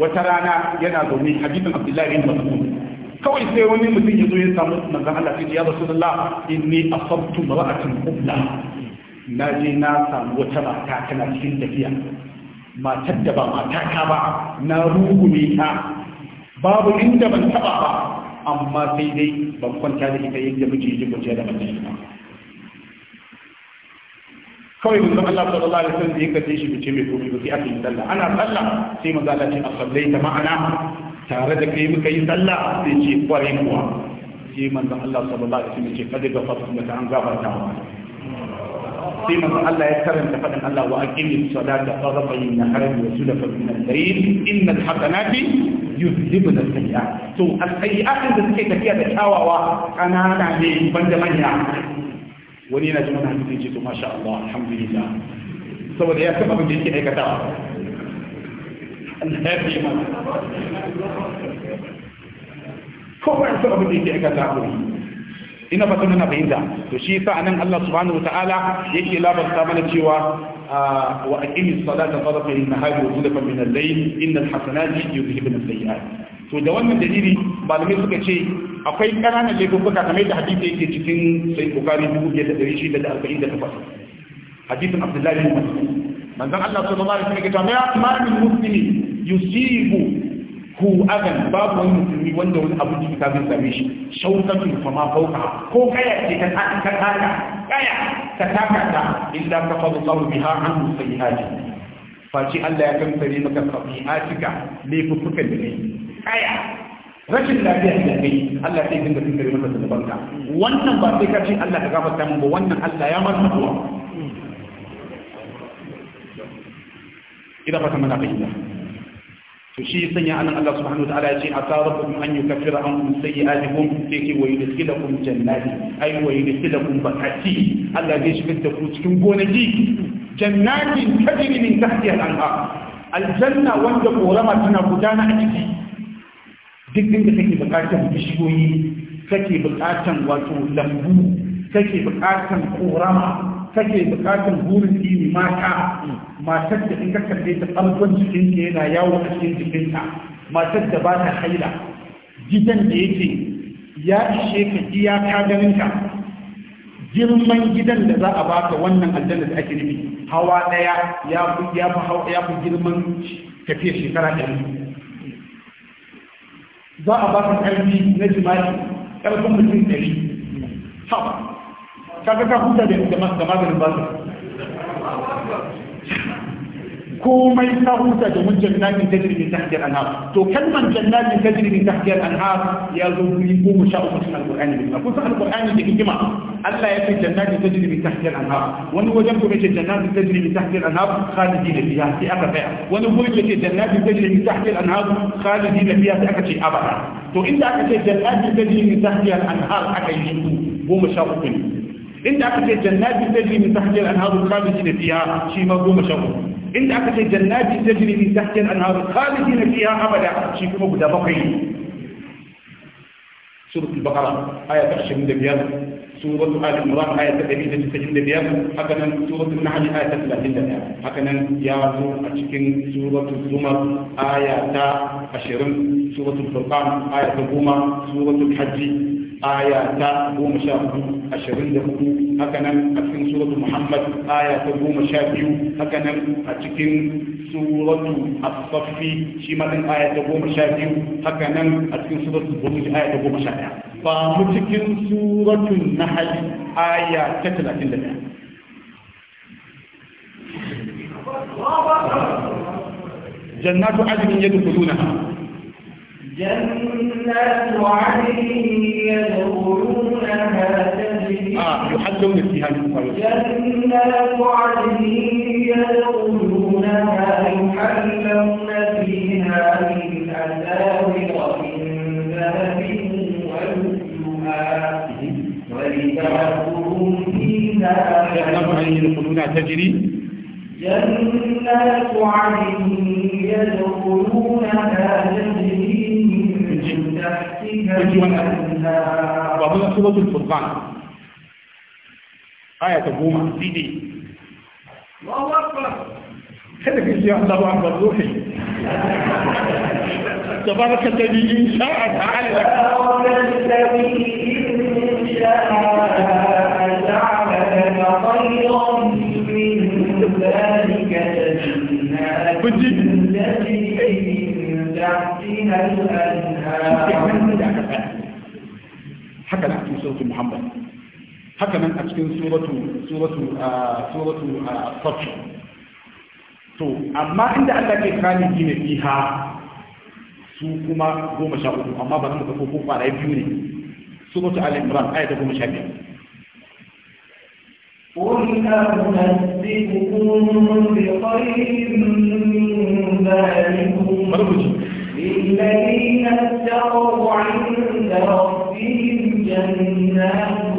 wata rana yana zaune hadisin Abdullahi bin Mas'ud kawai sai wani mutum ya zo ya samu manzon Allah sai ya rasulullah inni asabtu mar'atan ubla na je na samu wata mata tana cikin tafiya matar da ba matata ba na rugume ta babu inda ban taba ba amma sai dai ban kwanta da ita yadda muke yi kwanciya da mace ba kawai mutum Allah sallallahu alaihi wasallam ya kace shi bice mai kofi ba sai aka yi sallah ana sallah sai manzo Allah ce a ta ma'ana tare da kai muka yi sallah sai ce kwarai kuwa sai manzo Allah sallallahu alaihi wasallam ya ce kada ga fasu mata an gafarta wa فيما ان الله يكرم فقد الله واقيم الصلاه فضرب من خرج وسلف من الدين ان الحسنات يذهبن السيئات تو السيئات اللي تكي تفيا ده تشاوا انا انا انا جمعنا في جيت ما شاء الله الحمد لله سو ده يا سبب دي كده كتا الهابي ما فوق سبب دي كده كتا ina fata muna fahimta to shi yasa anan Allah subhanahu wataala yake labarta mana cewa ah, wa aqimi salata tarafa an-nahari wa zulfan min al-layl innal hasanati yudhhibun as-sayyi'at to da wannan dalili malamai suka ce akwai ƙananan laifuka kamar da hadisi yake cikin sai bukari 1648 hadisin abdullahi bin mas'ud manzon Allah sallallahu alaihi wasallam ya ce ma min muslimin yusibu ku agan babu wani musulmi wanda wani abin jiki kafin zai same shi shaukatun fama fauka ko kaya ce ta taka ta taka kaya ta taka ta illa ka fadu tsawo biha an musayi haji faci Allah ya kamtare maka sabi'atika laifuffukan da kai kaya rashin lafiya da kai Allah sai dinga kankare maka zunubanka wannan ba sai ka ce Allah ka gafarta mun ba wannan Allah ya masa duwa ina fata mana fahimta to shi sanya anan Allah subhanahu wataala ya ce asarakum an yukaffira ankum sayyi'atikum sai wa yudkhilukum jannati ay wa yudkhilukum bakati Allah zai shigar da ku cikin gonaki jannatin tajri min tahtiha al-anhar aljanna wanda korama tana gudana a ciki duk inda take bukatar bishiyoyi kake bukatan wato lambu kake bukatan korama kake bukatun burin ne mata matar da in ka kalle ta ɓargon jikin yana yawo a cikin jikinta matar da ba ta haila gidan da yake ya ishe ka ganin ganinka girman gidan da za a baka wannan aljanna da ake nufi hawa ɗaya, ya fi ya fi ya fi girman tafiyar shekara ɗari za a baka ƙarfi na jima'i ƙarfin mutum ɗari kaga ka huta da maganin basir komai ka huta domin jannatin tajri min tahtiha al-anhar to kalman jannatin tajri min tahtiha al-anhar ya zo guri goma sha uku cikin alqur'ani ne kun san alqur'ani da hikima Allah ya ce jannatin tajri min tahtiha al-anhar wani wajen kuma yace jannatin tajri min tahtiha al-anhar khalidin fiha sai aka tsaya wani gurin yace jannatin tajri min tahtiha al-anhar khalidin fiha sai aka ce abada to inda aka ce jannatin tajri min tahtiha al-anhar aka yi goma sha uku ne inda aka ce jannati tajri min tahtiha al-anharu khalidina fiha shi ma goma sha uku inda aka ce jannati tajri min tahtiha al-anharu khalidina fiha abada shi kuma guda bakwai سورة البقرة آية 25 سورة آل عمران آية 175 هكذا سورة النحل آية 30 هكذا يا أتشكن سورة الزمر آية 20 سورة الفرقان آية 10 سورة الحج aya ta goma sha hudu ashirin da hudu hakanan a cikin suratu muhammad aya ta goma sha biyu hakanan a cikin suratu Asafi saffi shi ma din aya ta goma sha biyu hakanan a cikin suratu buruj aya ta goma sha daya ba mu cikin suratu nahl aya ta talatin da daya jannatu adnin yadkhulunaha جنات عدن يدخلونها تجري آه يحلون فيها جنات يدخلونها فيها من فيها تجري جنات عدن يدخلونها تجري الفجاج سورة الفرقان آية سيدي الله أكبر خلك في شيء الله أكبر روحي تبارك الذي إن شاء تعالى تبارك الذي إن شاء جعل خيرا من ذلك جنات التي من تحتها الأنهار haka na cikin suratul muhammad haka nan a cikin suratul suratul suratul safi to amma inda Allah ke khalidi ne fiha su kuma goma sha uku amma ba mu ko ko fara biyu ne suratul al-imran ayata goma sha biyar قل أنبئكم بخير من ذلكم للذين اتقوا عند ربهم جنات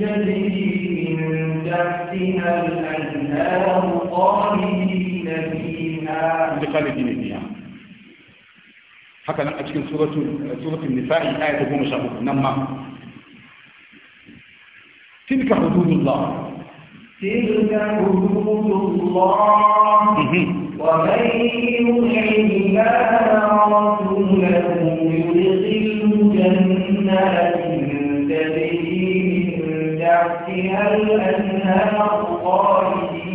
تجري من تحتها الأنهار خالدين فيها خالدين فيها هكذا أتكلم سورة سورة النساء آية 10 نما تلك حدود الله تلك حدود الله ومن يطع الله ورسوله يدخل جنات تجري من تحتها الانهار خالدين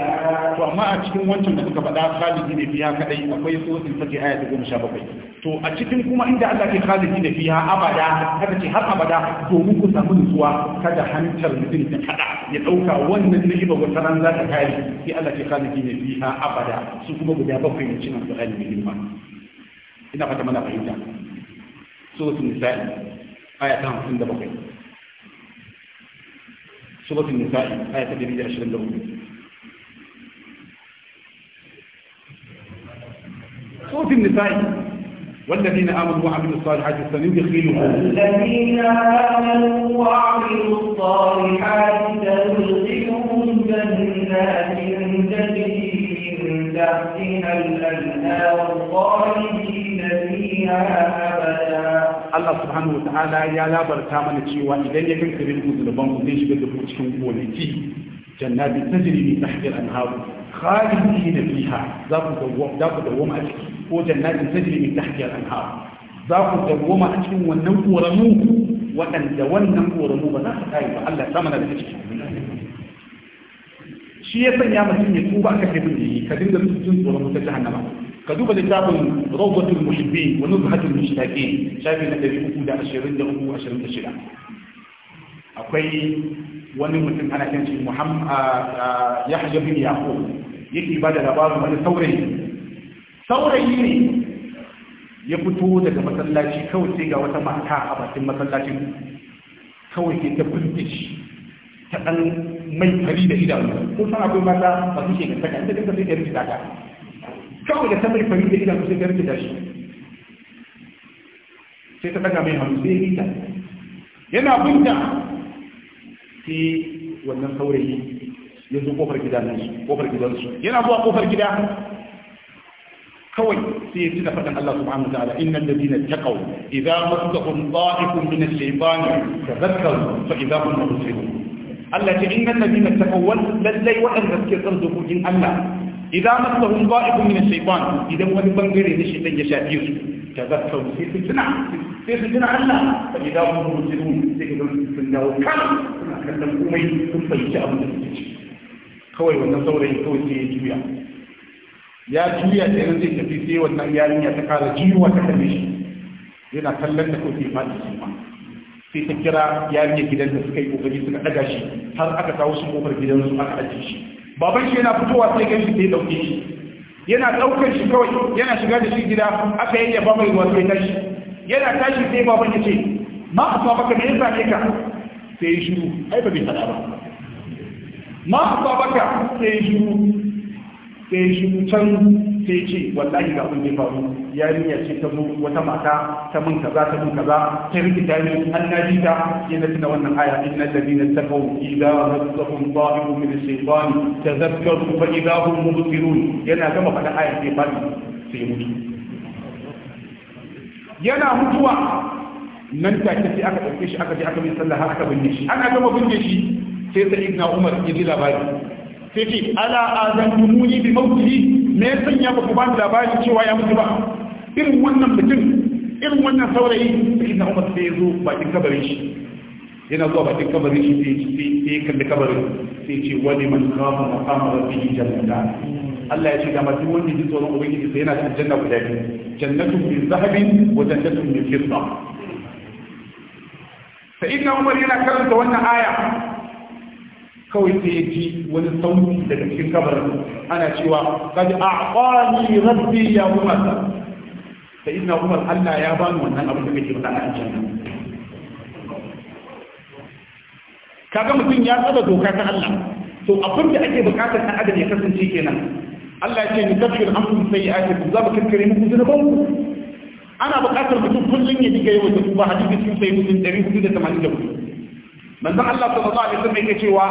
to amma a cikin wancan da suka faɗa khalidi ne fiya kadai akwai sosin sake aya ta goma sha bakwai to a cikin kuma inda Allah ke khalidi ne fiya abada kada ce har abada domin ku samu nutsuwa kada hantar mutum ta kada ya dauka wannan ba wata ran za ta kare sai Allah ke khalidi ne fiya abada su kuma guda bakwai ne cikin alƙur'ani mai girma ina fata mana fahimta suratul nisa'i aya ta 57 suratul nisa'i aya ta صوت النساء والذين آمنوا وعملوا الصالحات يستنين دخيلهم الذين آمنوا وعملوا الصالحات تدخلهم جنات تجري من تحتها الأنهار خالدين فيها أبدا الله سبحانه وتعالى يا لا بركة من تشيوى إذا يكن كريم كوز لبنك وليش بدك تشكو جنات تجري من تحت الأنهار khalidina fiha za ku dawwama za ku dawwama a ciki ko jannatin tajri min tahtiha al-anhar za ku dawwama a cikin wannan koramu waɗanda wannan koramu ba za su kai ba Allah ta mana da ciki shi ya sanya mutum ya tuba aka kai bin ka dinga jin tsoron ta jahannama ka duba littafin rawdatul muhibbin wa nuzhatul mushtaqin shafi na 323 akwai wani mutum yake ba da labarin wani saurayi saurayi ne ya fito daga masallaci kawai sai ga wata mata a bakin masallacin kawai ke ta fulce shi ta ɗan mai fari da idanu ko san akwai mata ba su ke da saka inda dinka sai ta rikita ta kawai da ta mai fari da idanu sai ta rikita shi sai ta daga mai hannu sai ya rikita yana bunta sai wannan saurayi ya zo kofar gidansu kofar gidansu yana zuwa kofar gida kawai sai ya ci da faɗin Allah subhanahu wa ta'ala innal ladina taqaw idza masahum dha'ifun min ash-shaytani tadhakkaru fa idza hum mubsirun Allah ce innal ladina taqaw lallai waɗanda suke son tsarda dokokin Allah idza masahum dha'ifun min ash-shaytani idan wani bangare ne shaytan ya shafe su tadhakkaru sai su tuna sai su tuna Allah fa idza hum mubsirun sai su dawo kan suna kallon komai sun fahimci abin da suke ciki kawai wannan saurayi kawai sai ya juya ya juya sai nan zai tafi sai wannan yarinya ta kara jiwa ta kalle shi yana kallon da kawai sai fadi shi ma sai ta kira yarinya gidan da suka yi kokari suka daga shi har aka kawo shi kofar gidan su aka ajiye shi baban shi yana fitowa sai gan shi sai dauke shi yana daukar shi kawai yana shiga da shi gida aka yi yayyafa mai ruwa sai tashi yana tashi sai baban ya ce ma a sa baka me yasa ne ka sai shiru ai ba bai tada ba ma ba baka sai shi sai shi can sai ce wallahi ga abin da faru yarinya ce ta zo wata mata ta mun kaza ta mun kaza ta rikita ni an na ji ta yana tuna wannan aya inna alladhina taqaw idza massahum dha'ibun min ash-shaytan tadhakkaru fa idza hum mubsirun yana gama faɗa aya sai fadi sai mutu yana mutuwa nan take sai aka ɗauke shi aka je aka bi sallah har aka binne shi ana gama binne shi sai sai ibn umar ya ji labari sai ce ala azan tumuni bi mawqihi me yasan ya ba ku ba labari cewa ya mutu ba irin wannan mutum irin wannan saurayi sai ibn umar sai ya zo bakin kabarin shi yana zuwa bakin kabarin shi sai ya kalli kabarin sai ce wani man kafa maqama rabbihi jannata Allah ya ce ga masu wanda ji tsoron ubangiji sai yana cikin janna guda biyu jannatu min zahabin wa jannatu min fidda sai ibn umar yana karanta wannan aya kawai sai ya ji wani sauti daga cikin kabarin ana cewa kad a'tani rabbi ya umar sai ina umar Allah ya bani wannan abin da kake faɗa a cikin kaga mutum ya tsada doka ta Allah to abin da ake bukatar ɗan adam ya kasance kenan Allah ya ce ni kafir amkum sayyi'atikum za mu kirkire muku zunubanku ana bukatar mutum kullum ya diga yawan da tuba hadisi cikin sayyidin 484 manzon Allah sallallahu alaihi wasallam yake cewa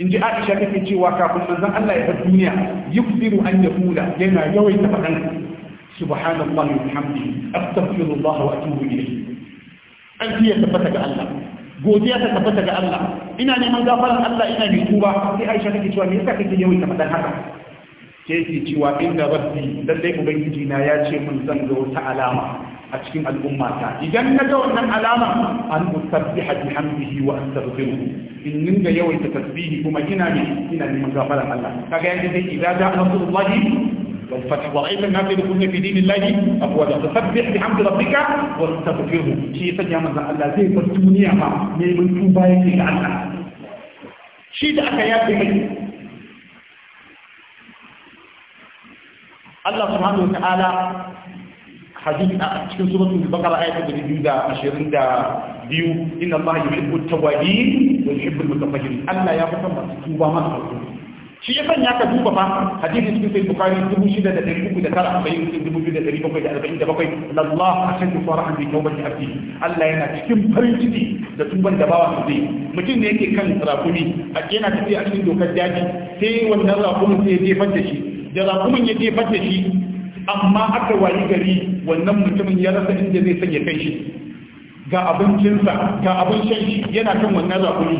in Aisha take cewa kafin manzon Allah ya bar duniya yukbiru an yaqula yana yawaita fadan subhanallah wa bihamdihi astaghfirullah wa atubu ilayhi an fiye ga Allah godiya ta ga Allah ina neman gafaran Allah ina mai tuba sai Aisha take cewa me yasa kake yawaita fadan haka sai ke cewa inda rabbi lallai ubangiji na ya ce mun zan ga wata alama a cikin al'ummata idan na ga wannan alama an usabbiha bihamdihi wa astaghfiruhu in ninga yawaita tasbihi kuma ina ne ina neman gafaran Allah kaga yanda dai idza da nasrullahi wal fath wa ra'aita an-nas yadkhuluna fi dinillahi afwaja fasabbih bihamdi rabbika wastaghfiruhu shi sanya manzon Allah zai bar duniya ma neman tuba yake ga Allah shi da aka yafe mai Allah subhanahu wa ta'ala hadith a cikin suratul baqara ayat 222 inna allaha yuhibbu at-tawwabin wa yuhibbu al-mutatahhirin Allah ya fata masu tuba masu hakuri shi ya sanya ka duba fa hadisi cikin sai bukari 6347 lallah ashaddu farahan bi tawbati abdi Allah yana cikin farin ciki da tuban da bawa zai mutum ne yake kan rakumi a yana tafiya a cikin dokar daji sai wannan rakumin sai ya jefar da shi da rakumin ya jefa da shi amma aka wayi gari wannan mutumin ya rasa inda zai sanya kai shi ga abincinsa ga abin shan shi yana kan wannan rakumi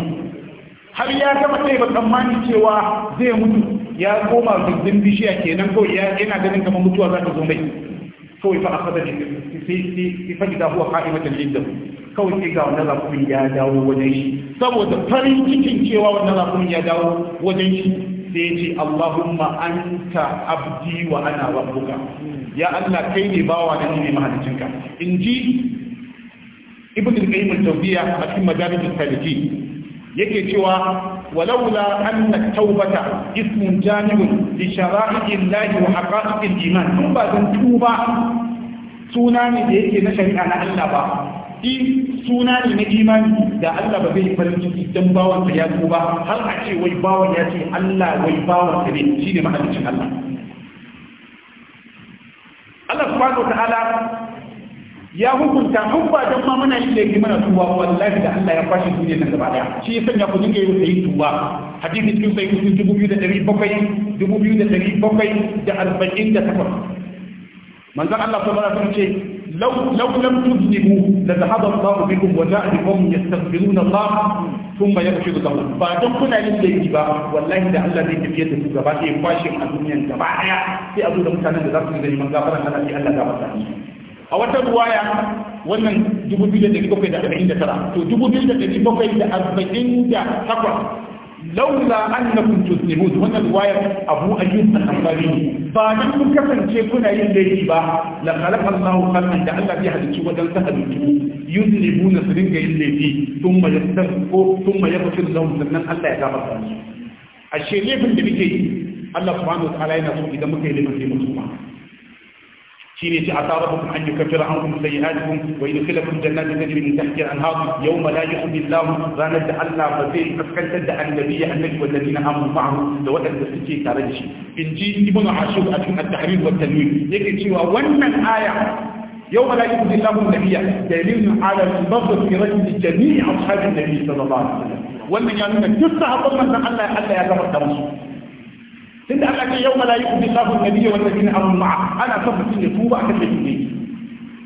har ya gama sai ba tsammani cewa zai mutu ya koma zubin bishiya kenan kawai yana ganin kamar mutuwa za ta zo mai kawai fa akada ne sai fa gida huwa qa'imatan liddah kawai sai ga wannan rakumin ya dawo wajen shi saboda farin cikin cewa wannan rakumin ya dawo wajen shi sai ce Allahumma anta abdi wa ana rabbuka ya Allah kai ne bawa da ne mahaliccinka inji ibnu qayyim tawbiya a cikin majalis taliki yake cewa walaula anna ta'ubata ismun jami'un li shara'i llahi wa haqaqi iman in ba dan tuba suna ne da yake na shari'a na Allah ba suna ne na imani da Allah ba zai farin ciki dan bawan sa ya ba, har a ce wai bawan ya ce Allah wai bawan sa ne shine mahalicin Allah Allah subhanahu ta'ala ya hukunta hukba dan ma muna yin laifi muna tuba wallahi da Allah ya kwashe duniya nan gaba daya shi yasa ya kudin gayu da yin tuba hadisi cikin sai kudin dubu biyu da dari bakwai dubu biyu da dari bakwai da arba'in da takwas manzon Allah subhanahu alaihi wasallam ce لو لو لم تذنبوا لذهب الله بكم وجاء بقوم يستغفرون الله ثم يغفر لهم فاتم كنا yin laifi ba wallahi da Allah zai tafiye da su gaba ɗaya a duniyan gaba ɗaya sai a zo da mutanen da za su yi neman gafaran Allah sai Allah gafarta a wata waya, wannan 2749 to 2748 laula annakum tuslimun wannan riwayar Abu Ayyub al-Ansari ba dan kun kasance kuna yin laifi ba la khalaqa Allahu khalqan da Allah ya halicci wadan ta halittu yuslimuna su dinga yin laifi thumma yastaghfiru thumma yaghfiru lahum sannan Allah ya gafarta musu ashe laifin da muke yi Allah subhanahu wa ta'ala yana so idan muka yi laifin sai mu tuba شيني أصابكم أن يكفر عنكم سيئاتكم ويدخلكم جنات تجري من تحت الأنهار يوم لا يخزي الله رانا جعلنا فزي أسكن تدعى النبي أنك والذين آمنوا معه لو أن تسكي تارجشي إن جي ابن عاشور أتم التحرير والتنوير يكي شوى ومن آية يوم لا يخزي الله النبي دليل على في رجل جميع أصحاب النبي صلى الله عليه وسلم ومن يعني من يستحق من الله ألا يتمتع tunda Allah ce yau malaiku bi sabu nabiyyi wal ladina amanu ma'a ana son mutum ya tuba akan da ne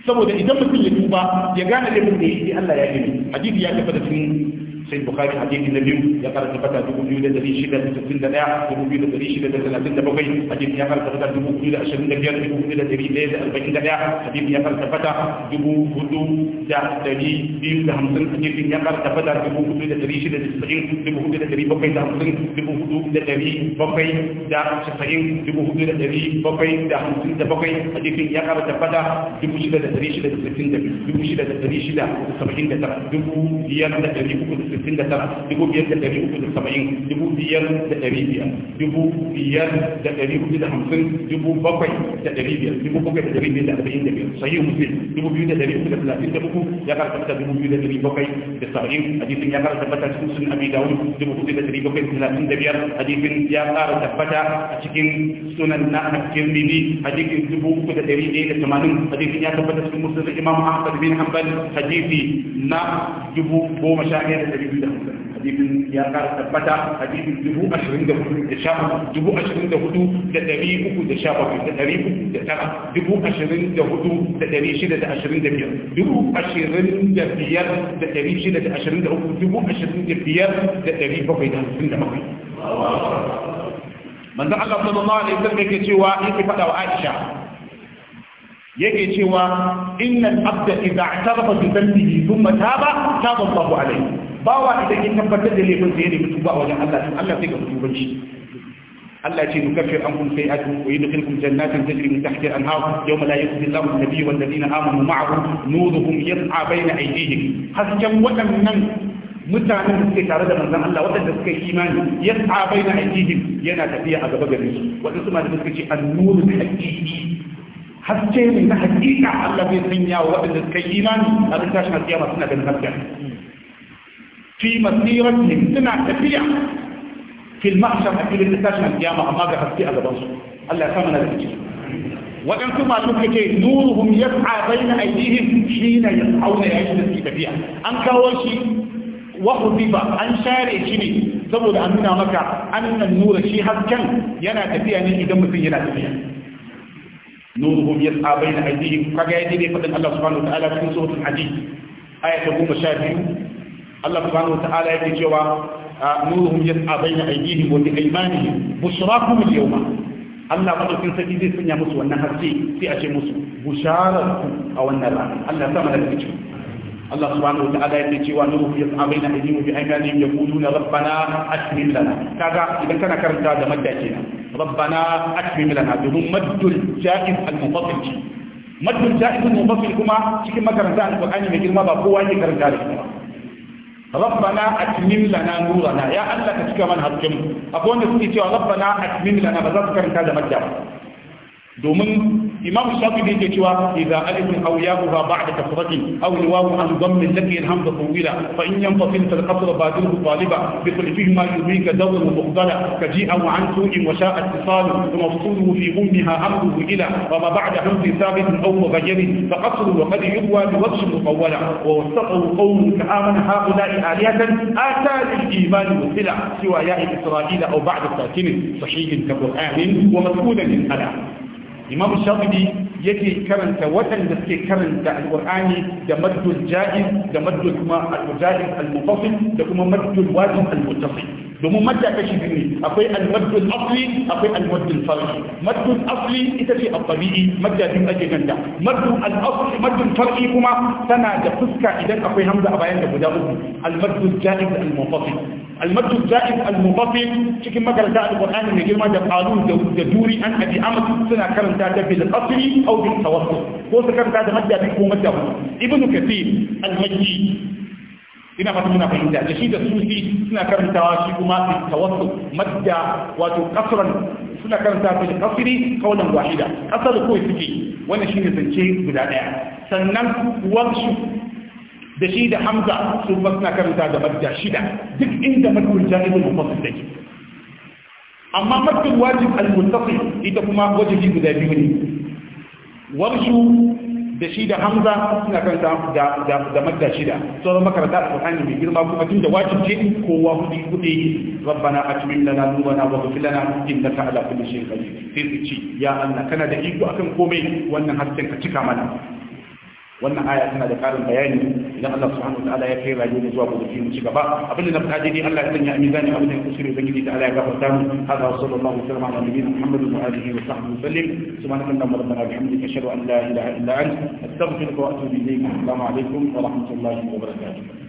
saboda idan mutum ya tuba ya gane da mutum da Allah ya gani hadisi ya tabbata cikin سيد بخاري حديث النبي يقال في فتاة تقول يولد ذري شدة تسلل لا دبو يولد ذري شدة تسلل لا بغي حديث يقال في فتاة تقول يولد أشهر من البيان دبو يولد ذري ليد البيان لا حديث يقال في فتاة تقول هدو جاء ذري بيو دهمسن حديث يقال في فتاة دبو يولد ذري شدة تسلل تقول يولد ذري بغي دهمسن دبو هدو ذري بغي جاء تسلل دبو هدو ذري بغي تقول دبغي حديث يقال في فتاة تقول شدة ذري شدة تسلل دبو شدة ذري شدة تسلل دبو يولد ذري بغي sittin da tara dubu biyar da ɗari uku da saba'in dubu biyar da ɗari biyar dubu biyar da ɗari hudu da hamsin dubu bakwai da ɗari biyar dubu bakwai da ɗari biyar da arba'in da biyar sahih muslim dubu biyu da ɗari uku da talatin da uku ya kara tabbata dubu biyu da ɗari bakwai da saba'in hadisin ya kara tabbata cikin sunan abi dawud dubu hudu da ɗari bakwai da talatin da biyar hadisin ya kara tabbata a cikin sunan na hakimini hadisin dubu uku da ɗari ɗaya da tamanin hadisin ya tabbata cikin musulun imam ahmad bin hanbal hadisi na dubu goma sha ɗaya da ɗari ɗari da hamsin hadisin ya ƙara tabbata hadisin dubu da hudu da sha dubu ashirin da hudu da ɗari uku da sha da ɗari uku da tara da hudu da ɗari shida da ashirin da biyar ashirin da biyar da shida da ashirin da uku ashirin da biyar da bakwai da hamsin da bakwai manzan Allah yake cewa yake faɗa wa Aisha yake cewa innal abda idza bi dhanbihi thumma taba taba Allahu bawa idan ya tabbatar da laifin sa ya nemi tuba a wajen Allah to Allah sai ka tuba shi Allah ce an kun nukaffir ankum sayi'atukum wa yudkhilukum jannatin tajri min tahtiha al-anhar yawma la yukhzi Allahu an-nabiyya wal ladina amanu ma'ahu nuruhum yas'a bayna aydihim hasken waɗannan mutanen da suke tare da manzon Allah waɗanda suka yi imani ya tsabai na aidihim yana tafiya a gaba gare su waɗansu ma da suka ce annuru da haƙiƙi haske ne na haƙiƙa Allah bai sanya wa waɗanda suka yi imani a tashin alƙiyama suna ganin haske في مسيرة مسيرتهم سمع كثيرا في المحشر في الاستشهاد يا ما جاء في هذا بس الله يفهمنا الاتجاه وان كما تفكر إيه، نورهم يسعى بين ايديهم حين يسعون الى اجل الكتابية ان كاوشي وخطيبة ان شارع شني سبب امنا مكة ان النور شي هزكا ينا تفيا نيجي دم سينا تفيا نورهم يسعى بين ايديهم فقا يدي الله سبحانه وتعالى في سورة الحديث آية تقول مشاهد الله سبحانه وتعالى يتجوى آه، نورهم يسعى بين أيديهم وبأيمانهم بشراكم اليوم الله قد في سجد سنيا مسوى نهرسي في أشي مسوى بشارة أو النبع الله سمع لكي الله سبحانه وتعالى يتجوى نورهم يسعى بين أيديهم وبأيمانهم يقولون ربنا أكرم لنا كذا إذا كان كرم هذا مدتنا ربنا أكرم لنا بهم مد الجائز المنفصل مد الجائز المنفصل كما شكل ما كرم ذلك القرآن من كلمة بقوة يكرم ذلك rabbana atmim lana nurana ya Allah ka cika mana hasken mu akwai wanda suke cewa rabbana atmim lana ba za su karanta da madda domin إمام الشافعي دي جتوا إذا ألف أو ياهها بعد كفرة أو نواه عن ضم التي الهمزة طويلة فإن ينفصل فالقصر بادله طالبا بخلفهما يدريك دور مفضلة كجيء وعن سوء وشاء اتصال ومفصوله في أمها أمره إلى وما بعد همز ثابت أو مغير فقصر وقد يروى بوجه مطولة ووثقه قوم كآمن هؤلاء آلية آتى للإيمان مثلا سوى ياء إسرائيل أو بعد ساكن صحيح كقرآن ومسؤولا من ألا imam shafi'i yake karanta waɗanda suke karanta alqur'ani da maddul ja'iz da maddul kuma al da kuma maddul wajib al domin madda kashi shi ne akwai almaddul asli akwai almaddul far'i maddul asli ita ce al-tabi'i madda biyu ake ganta maddul al-asli maddul far'i kuma tana da fuska idan akwai hamza a bayan da guda uku almaddul ja'iz al-munfasil almaddul ja'iz al-munfasil cikin makaranta al-qur'ani mai girma da qalu da duri an abi amat suna karanta ta bil asli aw bil tawassul ko su karanta da madda biyu ko madda uku ibnu kathir al-majdi ina fata muna fahimta da shi da sufi suna wa shi kuma tawassu madda wato kasran suna karanta shi kasri kaulan wahida kasar ko suke wannan shine zance guda daya sannan wasu da shi da hamza su ba suna karanta da madda shida duk inda madkul jami'ul mufassil take amma madkul wajib al-muttasil ita kuma wajibi guda biyu ne warshu da shi da hamza suna kan da madda shida sauran makaranta a tsakani mai girma kuma tun da wacin ce kowa hudu hudu rabbana atmin lana na, wa ghfir lana innaka ala kulli shay'in qadir sai su ci ya Allah kana da iko akan komai wannan hasken ka cika mana wannan aya tana da karin bayani idan Allah subhanahu wataala ya kai rayu da zuwa gobe mu ci gaba da na fada dai Allah ya sanya a mizani abinda ya kusure ubangiji da Allah ya gafarta mu hada sallallahu alaihi wa sallam Muhammad wa alihi wa sahbihi sallim subhanaka allahumma rabbana bihamdika ashhadu an la ilaha illa anta astaghfiruka wa atubu ilayk assalamu alaikum wa rahmatullahi wa barakatuh